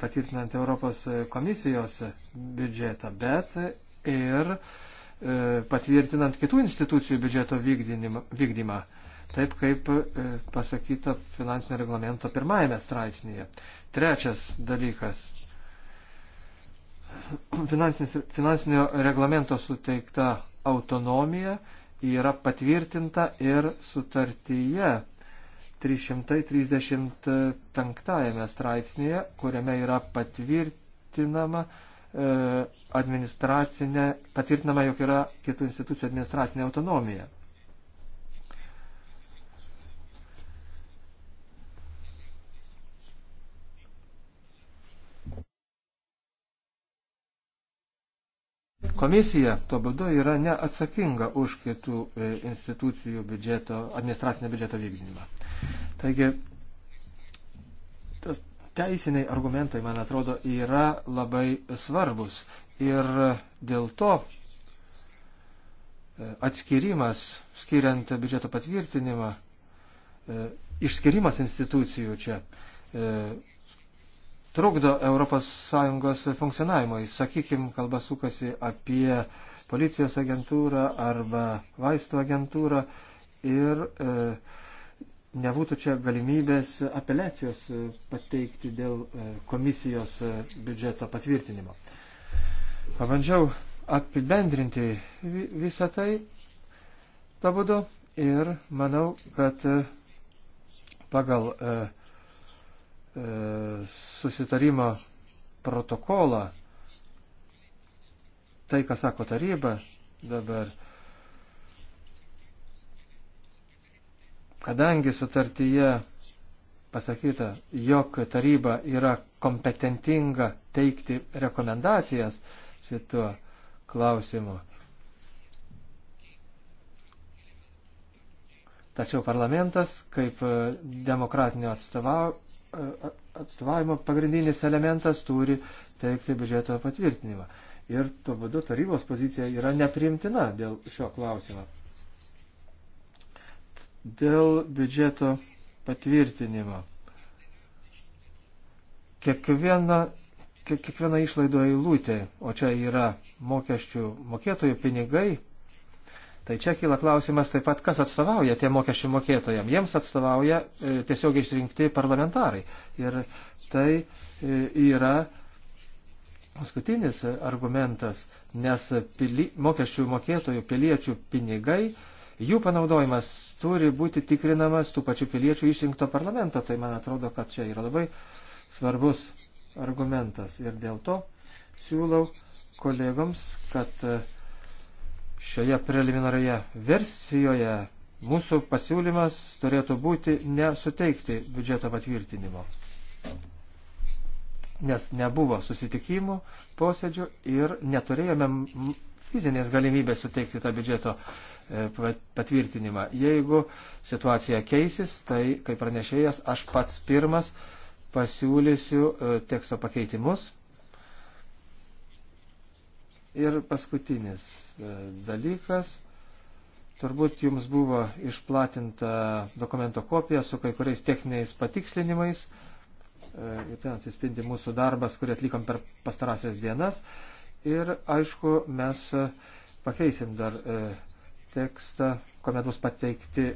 patvirtinant Europos komisijos biudžetą, bet ir e, patvirtinant kitų institucijų biudžeto vykdymą taip kaip e, pasakyta finansinio reglamento pirmajame straipsnėje. Trečias dalykas. Finansinio reglamento suteikta autonomija yra patvirtinta ir sutartyje 335 straipsnėje, kuriame yra patvirtinama e, administracinė, patvirtinama, jog yra kitų institucijų administracinė autonomija. Komisija tuo būdu yra neatsakinga už kitų e, institucijų biudžeto, administracinio biudžeto vykdymą. Taigi, tas teisiniai argumentai, man atrodo, yra labai svarbus. Ir dėl to e, atskirimas, skiriant biudžeto patvirtinimą, e, išskirimas institucijų čia trukdo ES funkcionavimui. Sakykime, kalba sukasi apie policijos agentūrą arba vaistų agentūrą ir e, nebūtų čia galimybės apeliacijos e, pateikti dėl e, komisijos e, biudžeto patvirtinimo. Pabandžiau apibendrinti visą tai tą būdu ir manau, kad pagal e, E, susitarimo protokolą, tai, ką sako taryba dabar, kadangi sutartyje pasakyta, jog taryba yra kompetentinga teikti rekomendacijas šituo klausimu. Tačiau parlamentas kaip e, demokratinio atstovav... E, atstovavimo pagrindinis elementas turi teikti biudžeto patvirtinimą. Ir tuo būdu tarybos pozicija yra neprimtina dėl šio klausimo. Dėl biudžeto patvirtinimo. Kiekviena, kiekviena išlaido eilutė, o čia yra mokesčių mokėtojų pinigai, Tai čia kyla klausimas taip pat, kas atstovauja tie mokesčių mokėtojams. Jiems atstovauja e, tiesiog išrinkti parlamentarai. Ir tai e, yra paskutinis argumentas, nes pili, mokesčių mokėtojų piliečių pinigai, jų panaudojimas turi būti tikrinamas tų pačių piliečių išrinkto parlamento. Tai man atrodo, kad čia yra labai svarbus argumentas. Ir dėl to siūlau kolegoms, kad e, šioje preliminarioje versijoje mūsų pasiūlymas turėtų būti nesuteikti biudžeto patvirtinimo. Nes nebuvo susitikimų, posėdžių ir neturėjome fizinės galimybės suteikti tą biudžeto e, patvirtinimą. Jeigu situacija keisis, tai kaip pranešėjas aš pats pirmas pasiūlysiu e, teksto pakeitimus Ir paskutinis e, dalykas. Turbūt jums buvo išplatinta dokumento kopija su kai kuriais techniniais patikslinimais. E, ir ten atsispindi mūsų darbas, kurį atlikom per pastarąsias dienas. Ir aišku, mes e, pakeisim dar tekstą, kuomet bus pateikti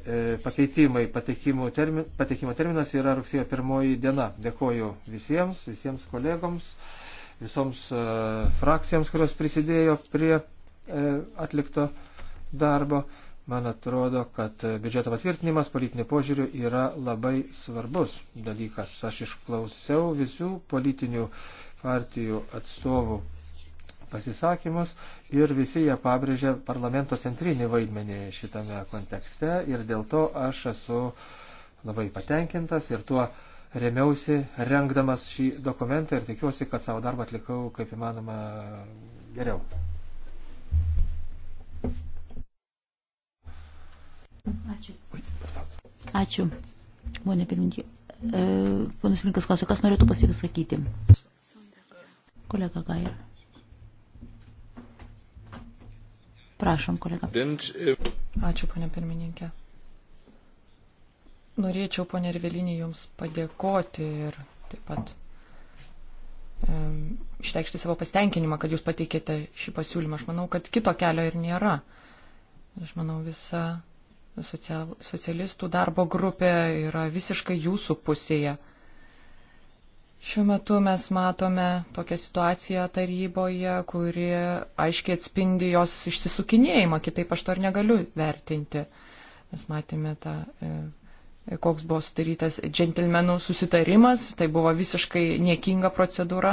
pakeitimai. Pateikimo, termin, pateikimo terminas yra rugsėjo pirmoji diena. Dėkoju visiems, visiems kolegoms visoms e, frakcijoms, kurios prisidėjo prie e, atlikto darbo. Man atrodo, kad biudžeto patvirtinimas politiniu požiūriu yra labai svarbus dalykas. Aš išklausiau visų politinių partijų atstovų pasisakymus ir visi jie pabrėžė parlamento centrinį vaidmenį šitame kontekste ir dėl to aš esu labai patenkintas ir tuo uh, remiausi rengdamas šį dokumentą ir tikiuosi, kad savo darbą atlikau kaip įmanoma geriau. Ačiū. Ačiū. Pone pirmininkė. E, Ponas Minkas klausė, kas norėtų pasisakyti? Kolega Gaja. Prašom, kolega. Ačiū, ponė pirmininkė. Norėčiau, ponė Rivelinė, Jums padėkoti ir taip pat išreikšti savo pasitenkinimą, kad Jūs pateikėte šį pasiūlymą. Aš manau, kad kito kelio ir nėra. Aš manau, visa social, socialistų darbo grupė yra visiškai Jūsų pusėje. Šiuo metu mes matome tokią situaciją taryboje, kuri aiškiai atspindi jos išsisukinėjimą, kitaip aš to ir negaliu vertinti. Mes matėme tą koks buvo sudarytas džentelmenų susitarimas, tai buvo visiškai niekinga procedūra,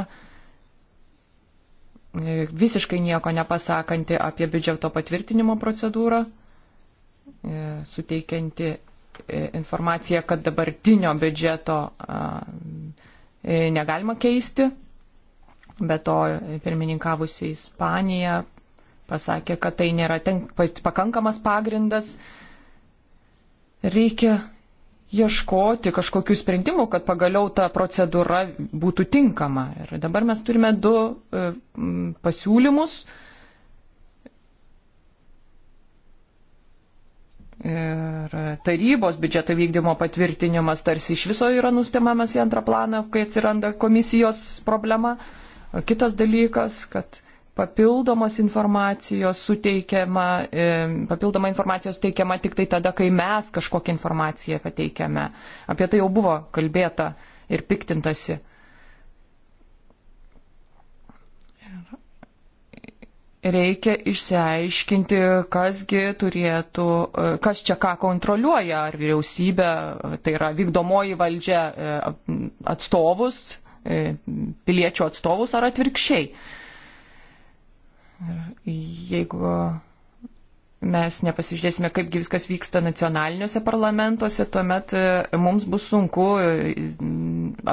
visiškai nieko nepasakanti apie biudžeto patvirtinimo procedūrą, e, suteikianti e, informaciją, kad dabartinio biudžeto e, negalima keisti, bet to pirmininkavusi Ispanija pasakė, kad tai nėra ten pakankamas pagrindas. Reikia ieškoti kažkokių sprendimų, kad pagaliau ta procedūra būtų tinkama. Ir dabar mes turime du e, pasiūlymus. Ir tarybos biudžeto vykdymo patvirtinimas tarsi iš viso yra nustemamas į antrą planą, kai atsiranda komisijos problema. O kitas dalykas, kad papildomos informacijos suteikiama, e, papildoma informacija suteikiama tik tai tada, kai mes kažkokią informaciją pateikiame. Apie tai jau buvo kalbėta ir piktintasi. reikia išsiaiškinti, kasgi turėtų, e, kas čia ką kontroliuoja, ar vyriausybė, tai yra vykdomoji valdžia e, atstovus, piliečių atstovus ar atvirkščiai. Ir jeigu mes nepasižiūrėsime, kaipgi viskas vyksta nacionaliniuose parlamentuose, tuomet e, mums bus sunku e,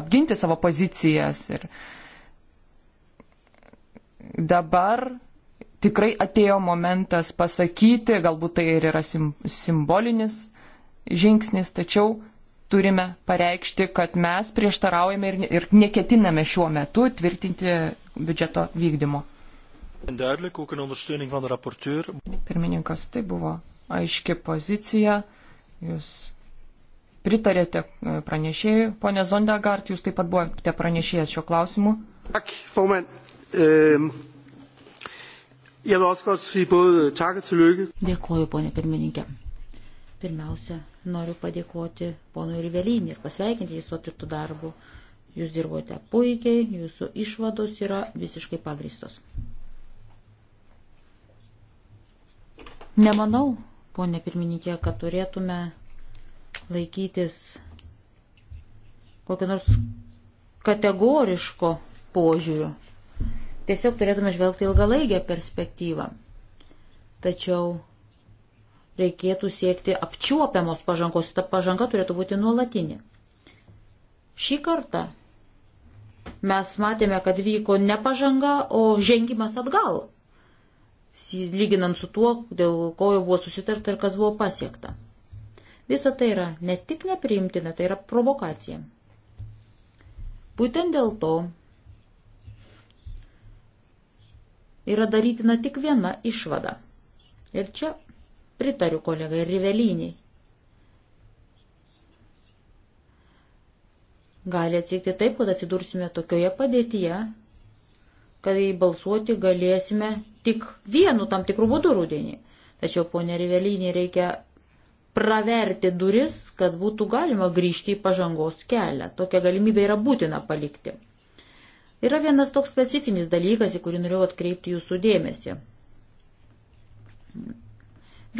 apginti savo pozicijas. Ir dabar tikrai atėjo momentas pasakyti, galbūt tai ir yra sim, simbolinis žingsnis, tačiau turime pareikšti, kad mes prieštaraujame ir, ir neketiname šiuo metu tvirtinti biudžeto vykdymo. Pirmininkas, tai buvo aiški pozicija. Jūs pritarėte e, pranešėjui. Pone Zondegard, jūs taip pat buvote pranešėjęs šio klausimu. Tak, formand. Ehm. Jeg vil også godt sige både tak og tillykke. Dėkuoju, ponė pirmininkė. Pirmiausia, noriu padėkoti ponui Rivelinį ir pasveikinti jį su atliktu darbu. Jūs dirbote puikiai, jūsų išvados yra visiškai pagristos. Nemanau, ponė pirmininkė, kad turėtume laikytis kokio nors kategoriško požiūrio. Tiesiog turėtume žvelgti ilgalaigę perspektyvą. Tačiau reikėtų siekti apčiuopiamos pažangos, ta pažanga turėtų būti nuolatinė. Šį kartą mes matėme, kad vyko ne pažanga, o žengimas atgal lyginant su tuo, dėl ko jau buvo susitarta ir kas buvo pasiekta. Visa tai yra ne tik nepriimtina, tai yra provokacija. Būtent dėl to yra darytina tik viena išvada. Ir čia pritariu kolegai Riveliniai. Gali atsikti taip, kad atsidursime tokioje padėtyje, kai balsuoti galėsime tik vienu tam tikrų būdų rūdienį. Tačiau, ponė Rivelinė, reikia praverti duris, kad būtų galima grįžti į pažangos kelią. Tokia galimybė yra būtina palikti. Yra vienas toks specifinis dalykas, į kurį norėjau atkreipti jūsų dėmesį.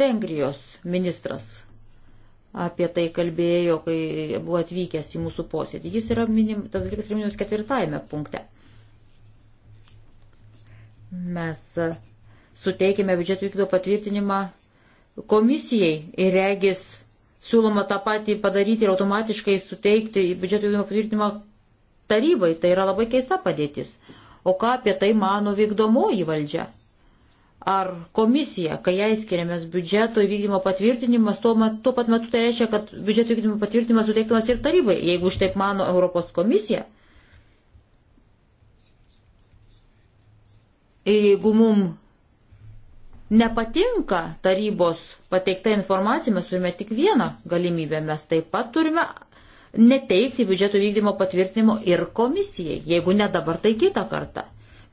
Vengrijos ministras apie tai kalbėjo, kai buvo atvykęs į mūsų posėdį. Jis yra minim, tas dalykas yra minimas ketvirtajame punkte. Mes e, suteikime biudžeto vykdo patvirtinimą komisijai ir regis siūloma tą patį padaryti ir automatiškai suteikti biudžeto vykdymo patvirtinimą tarybai. Tai yra labai keista padėtis. O ką apie tai mano vykdomoji valdžia? Ar komisija, kai jai skiriamės biudžeto įvykdymo patvirtinimas, tuo, mat, tuo pat metu tai reiškia, kad biudžeto įvykdymo patvirtinimas suteiktimas ir tarybai. Jeigu šitaip mano Europos komisija, Ir jeigu mum nepatinka tarybos pateikta informacija, mes turime tik vieną galimybę. Mes taip pat turime neteikti biudžeto vykdymo patvirtinimo ir komisijai. Jeigu ne dabar, tai kitą kartą.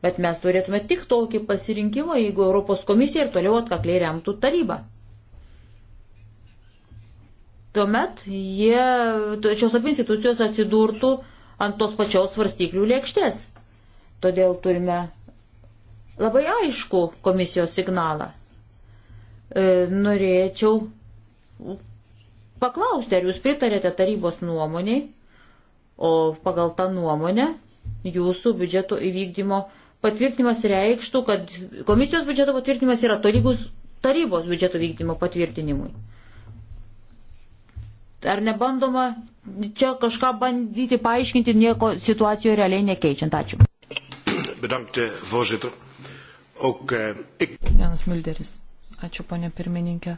Bet mes turėtume tik tokį pasirinkimą, jeigu Europos komisija ir toliau atkakliai remtų tarybą. Tuomet jie, šios abi institucijos atsidurtų ant tos pačios svarstyklių lėkštės. Todėl turime labai aišku komisijos signalą. E, norėčiau paklausti, ar jūs pritarėte tarybos nuomoniai, o pagal tą nuomonę jūsų biudžeto įvykdymo patvirtinimas reikštų, kad komisijos biudžeto patvirtinimas yra tolygus tarybos biudžeto vykdymo patvirtinimui. Ar nebandoma čia kažką bandyti paaiškinti, nieko situacijoje realiai nekeičiant? Ačiū. Bedankt, e, voorzitter. Janas Milderis. Ačiū, ponė pirmininkė.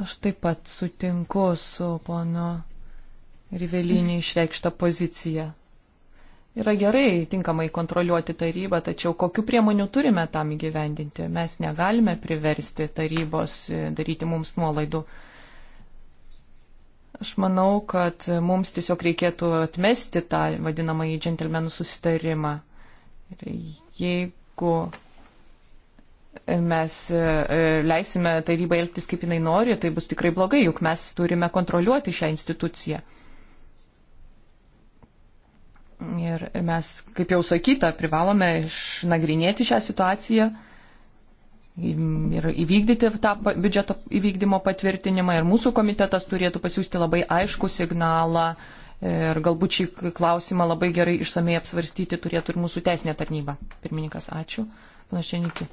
Aš taip pat sutinku su pono Rivelinį išreikštą poziciją. Yra gerai tinkamai kontroliuoti tarybą, tačiau kokiu priemoniu turime tam įgyvendinti? Mes negalime priversti tarybos e, daryti mums nuolaidų. Aš manau, kad mums tiesiog reikėtų atmesti tą vadinamąjį džentelmenų susitarimą. Ir jeigu mes e, e, leisime tarybai elgtis kaip jinai nori, tai bus tikrai blogai, juk mes turime kontroliuoti šią instituciją. Ir mes, kaip jau sakyta, privalome išnagrinėti šią situaciją ir įvykdyti tą biudžeto įvykdymo patvirtinimą. Ir mūsų komitetas turėtų pasiūsti labai aišku signalą ir galbūt šį klausimą labai gerai išsamei apsvarstyti turėtų ir mūsų teisinė tarnyba. Pirmininkas, ačiū. Panašiai, Niki.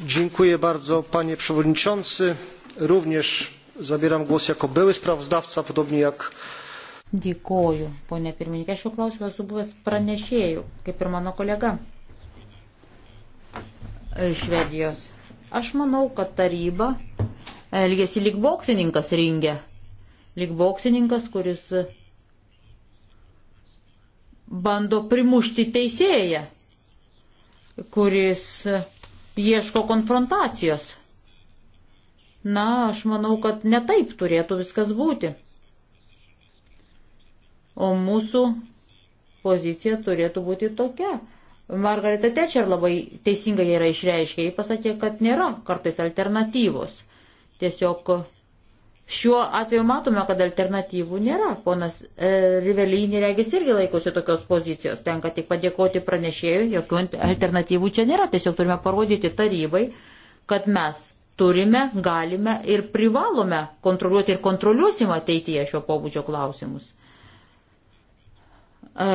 Dziękuję bardzo panie przewodniczący. Również zabieram głos jako były sprawozdawca, podobnie jak. Dėkoju, ponė pirmininkė, šiuo klausimu esu buvęs pranešėjų, kaip ir mano kolega iš Švedijos. Aš manau, kad taryba elgėsi lyg boksininkas ringė, lyg boksininkas, kuris bando primušti teisėją, kuris ieško konfrontacijos. Na, aš manau, kad netaip turėtų viskas būti. O mūsų pozicija turėtų būti tokia. Margarita Tečer labai teisingai yra išreiškė, ji pasakė, kad nėra kartais alternatyvos. Tiesiog Šiuo atveju matome, kad alternatyvų nėra. Ponas e, Rivelinį regis irgi laikosi tokios pozicijos. Tenka tik padėkoti pranešėjui, jokių alternatyvų čia nėra. Tiesiog turime parodyti tarybai, kad mes turime, galime ir privalome kontroliuoti ir kontroliuosim ateityje šio pobūdžio klausimus. E,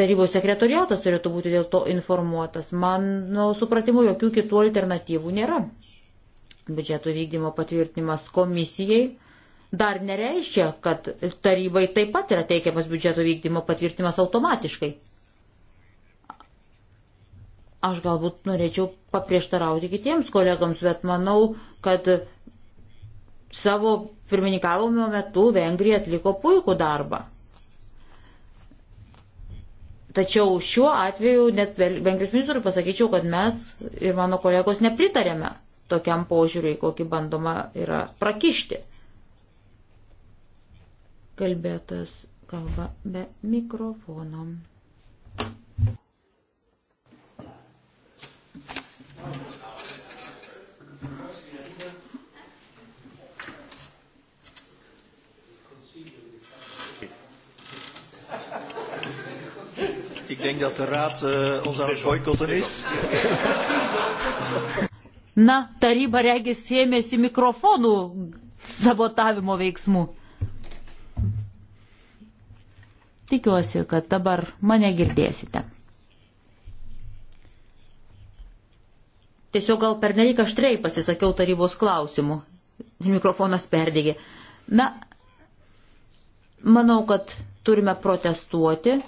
tarybos sekretoriatas turėtų būti dėl to informuotas. Mano supratimu, jokių kitų alternatyvų nėra biudžeto vykdymo patvirtinimas komisijai dar nereiškia, kad tarybai taip pat yra teikiamas biudžeto vykdymo patvirtinimas automatiškai. Aš galbūt norėčiau paprieštarauti kitiems kolegams, bet manau, kad savo pirmininkavimo metu Vengrija atliko puikų darbą. Tačiau šiuo atveju net Vengrijos ministrui pasakyčiau, kad mes ir mano kolegos nepritarėme tokiam požiūriui, kokį bandoma yra prakišti. Kalbėtas kalba be mikrofono. Ik denk dat de raad uh, ons aan het boycotten is. Na, taryba regis ėmėsi mikrofonų sabotavimo veiksmų. Tikiuosi, kad dabar mane girdėsite. Tiesiog gal pernelyg aštrei pasisakiau tarybos klausimų. Mikrofonas perdėgė. Na, manau, kad turime protestuoti,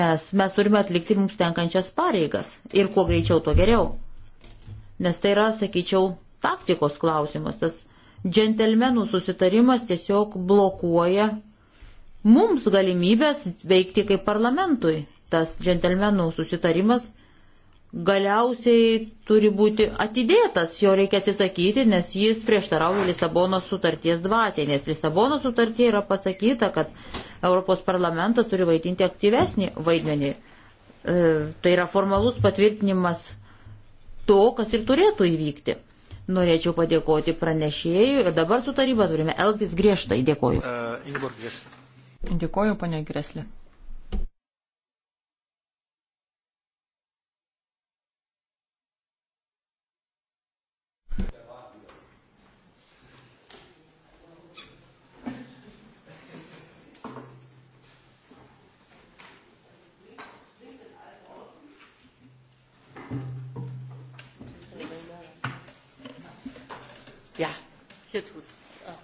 nes mes turime atlikti mums tenkančias pareigas. Ir kuo greičiau, tuo geriau nes tai yra, sakyčiau, taktikos klausimas. Tas džentelmenų susitarimas tiesiog blokuoja mums galimybės veikti kaip parlamentui. Tas džentelmenų susitarimas galiausiai turi būti atidėtas, jo reikia atsisakyti, nes jis prieštarauja Lisabonos sutarties dvasiai, nes Lisabonos sutartie yra pasakyta, kad Europos parlamentas turi vaidinti aktyvesnį vaidmenį. E, tai yra formalus patvirtinimas to, kas ir turėtų įvykti. Norėčiau padėkoti pranešėjui ir dabar su taryba turime elgtis griežtai. Dėkoju. Uh, Dėkoju, ponia Greslė.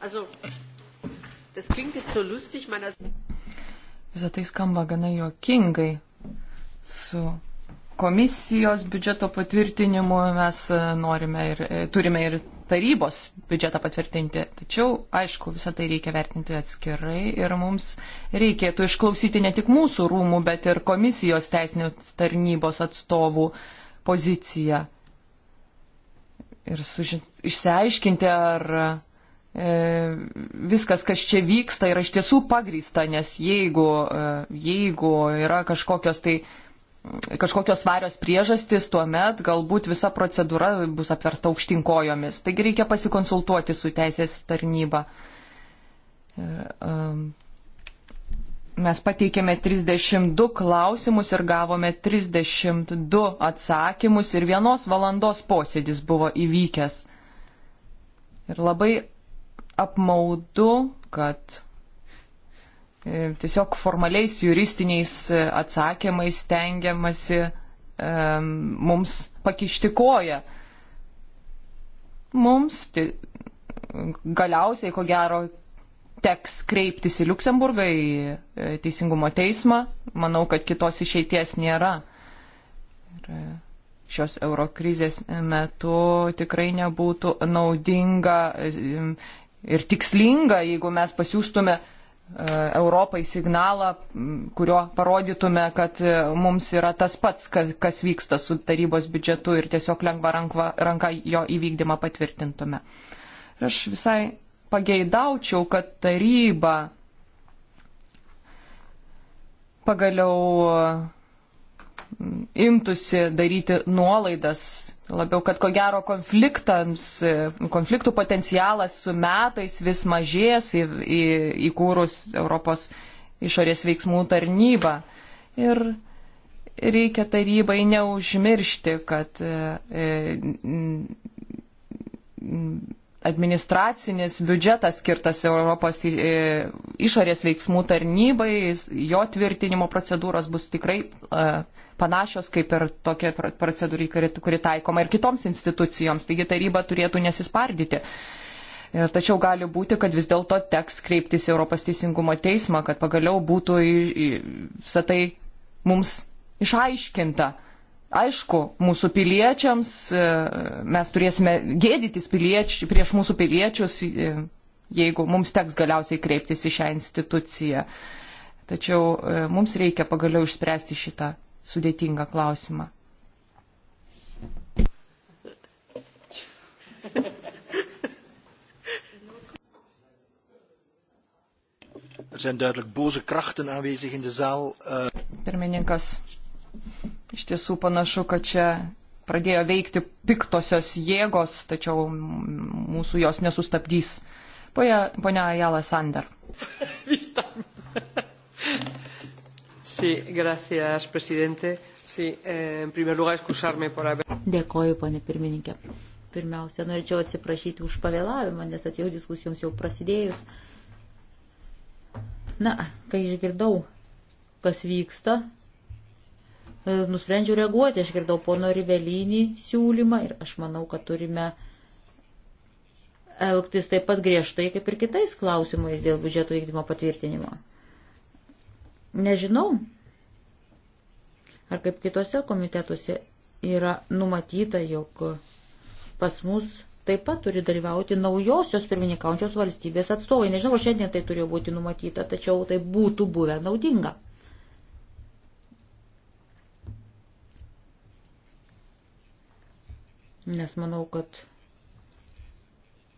Also, das klingt jetzt so lustig, man. Visą tai skamba gana juokingai. Su komisijos biudžeto patvirtinimu mes e, norime ir e, turime ir tarybos biudžetą patvirtinti. Tačiau, aišku, visą tai reikia vertinti atskirai ir mums reikėtų išklausyti ne tik mūsų rūmų, bet ir komisijos teisinių tarnybos atstovų poziciją. Ir sužin... išsiaiškinti, ar E, viskas, kas čia vyksta, yra iš tiesų pagrįsta, nes jeigu, e, jeigu yra kažkokios tai kažkokios svarios priežastys, tuomet galbūt visa procedūra bus apversta aukštinkojomis. Taigi reikia pasikonsultuoti su teisės tarnyba. E, mes pateikėme 32 klausimus ir gavome 32 atsakymus ir vienos valandos posėdis buvo įvykęs. Ir labai apmaudu, kad e, tiesiog formaliais juristiniais atsakymais tengiamasi mums pakišti koją. Mums galiausiai, ko gero, teks kreiptis į Luksemburgą, į e, Teisingumo teismą. Manau, kad kitos išeities nėra. Ir e, šios eurokrizės metu tikrai nebūtų naudinga ir tikslinga, jeigu mes pasiūstume e, Europai signalą, kurio parodytume, kad e, mums yra tas pats, kas, kas vyksta su tarybos biudžetu ir tiesiog lengva rankva, ranka jo įvykdymą patvirtintume. Ir aš visai pageidaučiau, kad taryba pagaliau imtųsi daryti nuolaidas. Labiau, kad ko gero konfliktams, konfliktų potencialas su metais vis mažės į, į, įkūrus Europos išorės veiksmų tarnybą. Ir reikia tarybai neužmiršti, kad e, e, administracinis biudžetas skirtas Europos e, išorės veiksmų tarnybai, jo tvirtinimo procedūros bus tikrai e, panašios kaip ir tokia procedūra, kuri taikoma ir kitoms institucijoms. Taigi taryba turėtų nesispardyti. Ir e, tačiau gali būti, kad vis dėlto teks kreiptis į Europos teisingumo teismą, kad pagaliau būtų visą tai mums išaiškinta. Aišku, mūsų piliečiams e, mes turėsime gėdytis pilieč, prieš mūsų piliečius, e, jeigu mums teks galiausiai kreiptis į šią instituciją. Tačiau e, mums reikia pagaliau išspręsti šitą sudėtingą klausimą. Er zijn duidelijk boze krachten aanwezig in de zaal. Uh... Pirmininkas Iš tiesų panašu, kad čia pradėjo veikti piktosios jėgos, tačiau mūsų jos nesustabdys. Poja, ponia Ajala Sander. Sí, gracias, presidente. Sí, eh, en primer lugar, excusarme por haber. Dėkoju, ponė pirmininkė. Pirmiausia, norėčiau atsiprašyti už pavėlavimą, nes atėjau diskusijoms jau prasidėjus. Na, kai išgirdau, kas vyksta, E, nusprendžiau reaguoti, aš girdau pono Rivelinį siūlymą ir aš manau, kad turime elgtis taip pat griežtai kaip ir kitais klausimais dėl biudžeto įgdymo patvirtinimo. Nežinau, ar kaip kitose komitetuose yra numatyta, jog pas mus taip pat turi dalyvauti naujosios pirmininkaujančios valstybės atstovai. Nežinau, šiandien tai turėjo būti numatyta, tačiau tai būtų buvę naudinga. nes manau, kad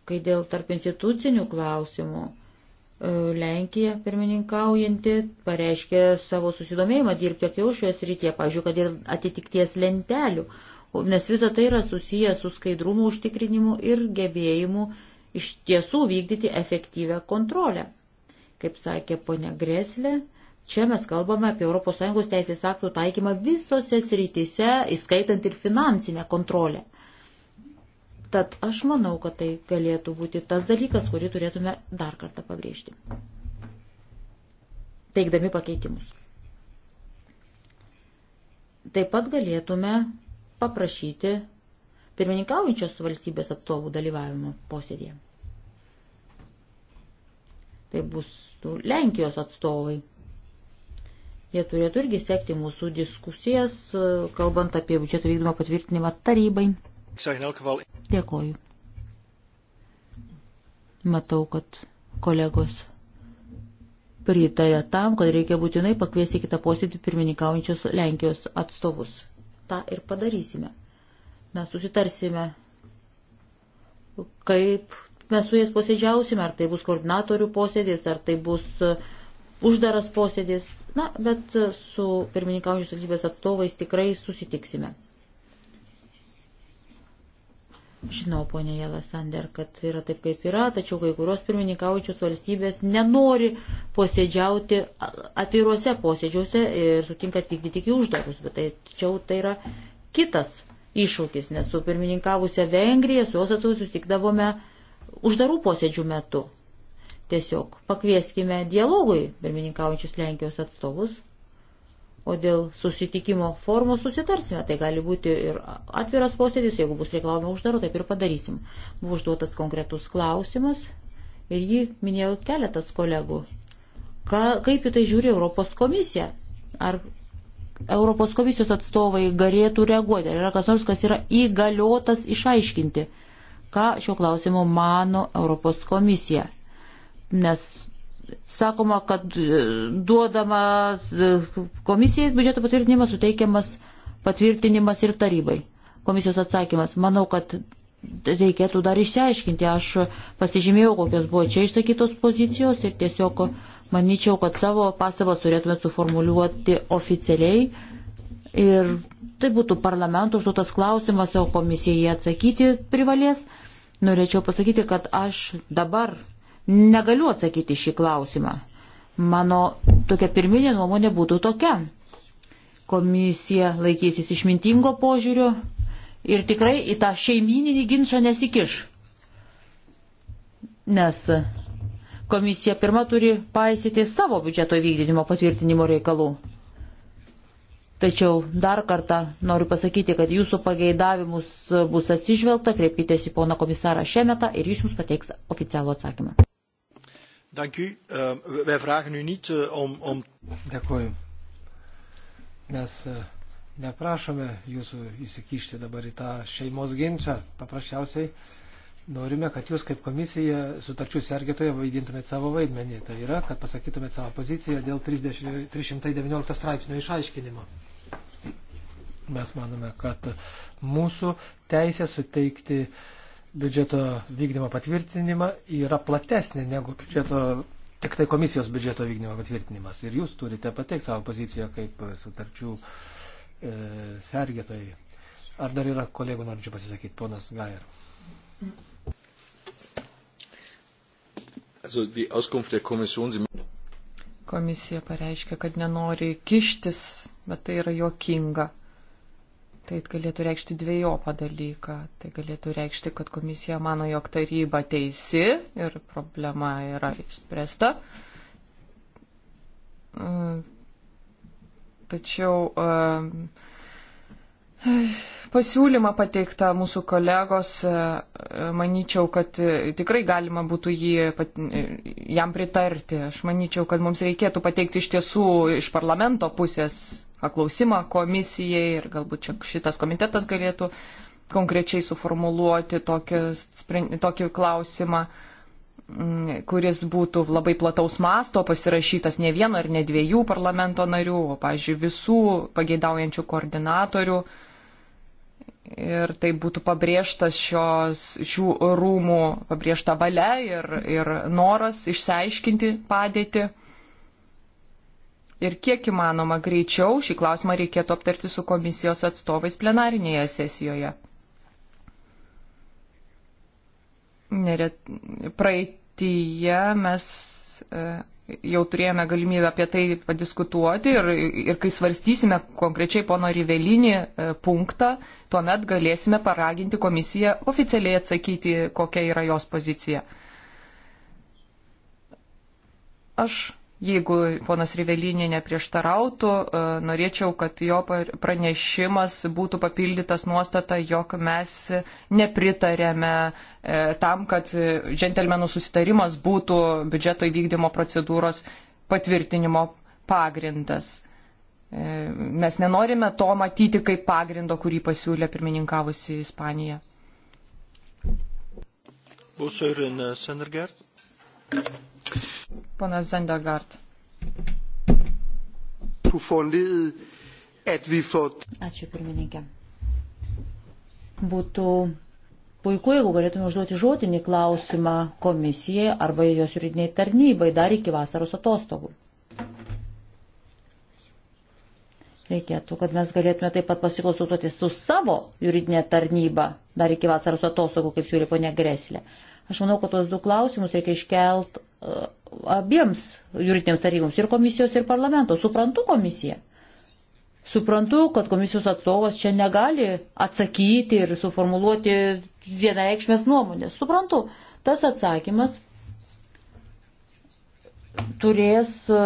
kai dėl tarp institucinių klausimų e, Lenkija pirmininkaujanti pareiškė savo susidomėjimą dirbti aktyviau šioje srityje, pažiūrėjau, kad ir atitikties lentelių, nes visa tai yra susiję su skaidrumo užtikrinimu ir gebėjimu iš tiesų vykdyti efektyvę kontrolę. Kaip sakė ponia Greslė, čia mes kalbame apie ES teisės aktų taikymą visose srityse, įskaitant ir finansinę kontrolę. Tad aš manau, kad tai galėtų būti tas dalykas, kurį turėtume dar kartą pabrėžti. Teikdami pakeitimus. Taip pat galėtume paprašyti pirmininkaujančios valstybės atstovų dalyvavimo posėdėje. Tai bus Lenkijos atstovai. Jie turėtų irgi sekti mūsų diskusijas, kalbant apie biudžeto vykdymo patvirtinimą tarybai. So, in alcohol... Dėkoju. Matau, kad kolegos pritarė tam, kad reikia būtinai pakviesti kitą posėdį pirmininkaujančios Lenkijos atstovus. Ta ir padarysime. Mes susitarsime, kaip mes su jais posėdžiausime, ar tai bus koordinatorių posėdis, ar tai bus uh, uždaras posėdis. Na, bet uh, su pirmininkaujančios valstybės atstovais tikrai susitiksime. Žinau, ponė Jelasander, kad yra taip, kaip yra, tačiau kai kurios pirmininkaujančios valstybės nenori posėdžiauti atviruose posėdžiuose ir sutinka atvykti tik į uždarus, bet tai, tačiau tai yra kitas iššūkis, nes su pirmininkavusią Vengriją, su jos atsavu susitikdavome uždarų posėdžių metu. Tiesiog pakvieskime dialogui pirmininkaujančius Lenkijos atstovus O dėl susitikimo formos susitarsime. Tai gali būti ir atviras posėdis, jeigu bus reikalavimo uždaro, taip ir padarysim. Buvo užduotas konkretus klausimas ir jį minėjo keletas kolegų. Ka, kaip į tai žiūri Europos komisija? Ar Europos komisijos atstovai galėtų reaguoti? Ar yra kas nors, kas yra įgaliotas išaiškinti, ką šio klausimo mano Europos komisija? Nes sakoma, kad e, duodama e, komisijai biudžeto patvirtinimas, suteikiamas patvirtinimas ir tarybai. Komisijos atsakymas, manau, kad reikėtų dar išsiaiškinti. Aš pasižymėjau, kokios buvo čia išsakytos pozicijos ir tiesiog manyčiau, kad savo pastabas turėtumėt suformuluoti oficialiai. Ir tai būtų parlamento užduotas klausimas, o komisija jį atsakyti privalės. Norėčiau pasakyti, kad aš dabar Negaliu atsakyti šį klausimą. Mano tokia pirminė nuomonė būtų tokia. Komisija laikysis išmintingo požiūrio ir tikrai į tą šeimininį ginčą nesikiš. Nes komisija pirma turi paisyti savo biudžeto vykdinimo patvirtinimo reikalų. Tačiau dar kartą noriu pasakyti, kad jūsų pageidavimus bus atsižvelgta, kreipkitės į poną komisarą Šemetą ir jis jums pateiks oficialų atsakymą. Dank u. Uh, wij vragen u niet uh, om, om. Dėkuoju. Mes eh, neprašome jūsų įsikišti dabar į tą šeimos ginčą. Paprasčiausiai norime, kad jūs kaip komisija sutarčių sergėtoje vaidintumėt savo vaidmenį. Tai yra, kad pasakytumėt savo poziciją dėl 30, 319 straipsnio išaiškinimo. Mes manome, kad mūsų teisė suteikti uh, biudžeto vykdymo patvirtinimą yra platesnė negu biudžeto, tik tai komisijos biudžeto vykdymo patvirtinimas. Ir jūs turite pateikti savo poziciją kaip sutarčių e, sergėtojai. Ar dar yra kolegų norinčių pasisakyti, ponas Gajer? Komisija pareiškia, kad nenori kištis, bet tai yra juokinga. Tai galėtų reikšti dviejopą dalyką. Tai galėtų reikšti, kad komisija mano, jog taryba teisi ir problema yra išspręsta. E, tačiau e, pasiūlymą pateiktą mūsų kolegos, e, manyčiau, kad tikrai galima būtų jį, jam pritarti. Aš manyčiau, kad mums reikėtų pateikti iš tiesų iš parlamento pusės paklausimą komisijai ir galbūt čia šitas komitetas galėtų konkrečiai suformuluoti tokius, tokį klausimą, mm, kuris būtų labai plataus masto, pasirašytas ne vieno ar ne dviejų parlamento narių, o, pažiūrėjau, visų pageidaujančių koordinatorių. Ir tai būtų pabrėžtas šios, šių rūmų pabrėžta valia ir, ir noras išsiaiškinti padėtį ir kiek įmanoma greičiau šį klausimą reikėtų aptarti su komisijos atstovais plenarinėje sesijoje. Neret, praeitįje mes e, jau turėjome galimybę apie tai padiskutuoti ir, ir kai svarstysime konkrečiai pono Rivelinį e, punktą, tuomet galėsime paraginti komisiją oficialiai atsakyti, kokia yra jos pozicija. Aš Jeigu ponas Rivelinė neprieštarautų, e, norėčiau, kad jo pranešimas būtų papildytas nuostata, jog mes nepritarėme e, tam, kad džentelmenų susitarimas būtų biudžeto įvykdymo procedūros patvirtinimo pagrindas. E, mes nenorime to matyti kaip pagrindo, kurį pasiūlė pirmininkavusi Ispanija. Būsiu ir eh, Senergert. Ponas Zendagard. Ačiū pirmininkė. Būtų puiku, jeigu galėtume užduoti žodinį klausimą komisijai arba jos juridiniai tarnybai dar iki vasaros atostogų. Reikėtų, kad mes galėtume taip pat pasikonsultuoti su savo juridinė tarnyba dar iki vasaros atostogų, kaip siūlė ponia Greslė. Aš manau, kad tos du klausimus reikia iškelt E, abiems juridiniams taryboms, ir komisijos, ir parlamento. Suprantu komisiją. Suprantu, kad komisijos atstovas čia negali atsakyti ir suformuluoti vienareikšmės nuomonės. Suprantu, tas atsakymas turės e,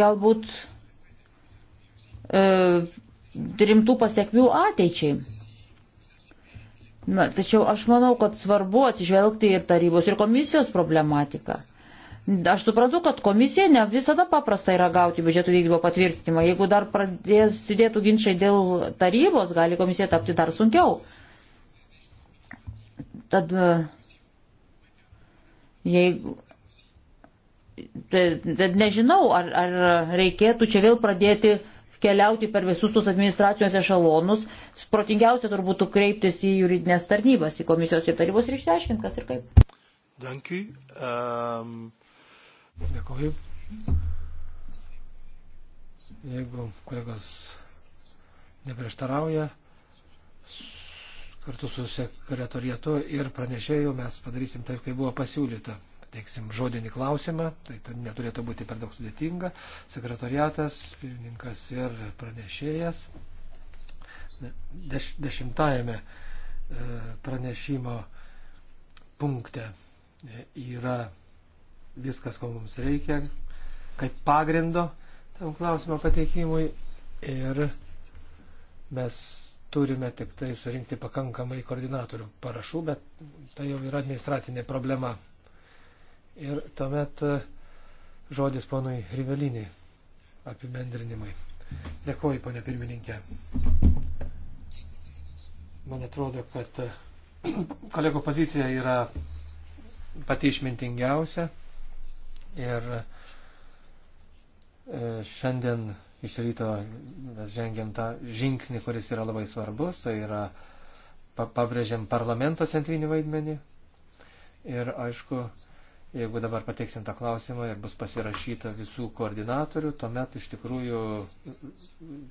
galbūt e, rimtų pasiekmių ateičiai. Na, tačiau aš manau, kad svarbu atsižvelgti ir tarybos, ir komisijos problematiką. Aš suprantu, kad komisija ne visada paprasta yra gauti biudžeto vykdymo patvirtinimą. Jeigu dar prasidėtų ginčiai dėl tarybos, gali komisija tapti dar sunkiau. Tad jeigu. Tad nežinau, ar, ar reikėtų čia vėl pradėti uh, keliauti per visus tus administracijos ešalonus, protingiausia turbūt kreiptis į juridinės tarnybas, į komisijos ir tarybos ir išsiaiškinti, kas ir kaip. Dankui. Um, dėkoju. Jeigu kolegos neprieštarauja, kartu su sekretorietu ir pranešėju mes padarysim taip, kaip buvo pasiūlyta pateiksim žodinį klausimą, tai neturėtų būti per daug sudėtinga. Sekretariatas, pirmininkas ir pranešėjas. Deš, dešimtajame e, pranešimo punkte e, yra viskas, ko mums reikia, kaip pagrindo tam klausimo pateikimui ir mes turime tik tai surinkti pakankamai koordinatorių parašų, bet tai jau yra administracinė problema. Ir tuomet e, žodis ponui Rivelinį apibendrinimai. Dėkuoju, ponė pirmininkė. Man atrodo, kad e, kolegų pozicija yra pati išmintingiausia ir e, šiandien iš ryto mes žengėm tą žingsnį, kuris yra labai svarbus, tai yra pabrėžiam parlamento centrinį vaidmenį ir aišku, Jeigu dabar pateiksim tą klausimą ir bus pasirašyta visų koordinatorių, tuomet iš tikrųjų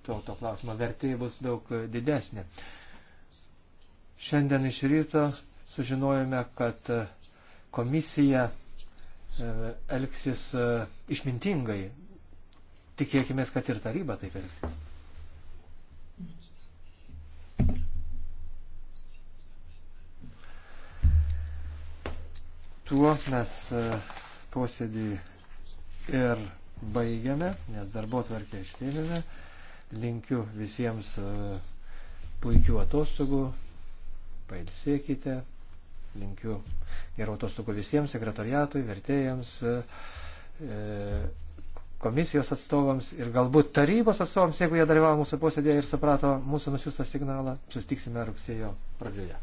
to, to klausimo vertė bus daug didesnė. Šiandien iš ryto sužinojome, kad komisija e, elgsis e, išmintingai. Tikėkime, kad ir taryba taip elgsis. tuo mes e, posėdį ir baigiame, nes darbo tvarkę išsėmėme. Linkiu visiems e, puikių atostogų, pailsėkite, linkiu gerų atostogų visiems, sekretariatui, vertėjams, e, komisijos atstovams ir galbūt tarybos atstovams, jeigu jie dalyvavo mūsų posėdėje ir suprato mūsų nusiųstą signalą, sustiksime rugsėjo pradžioje.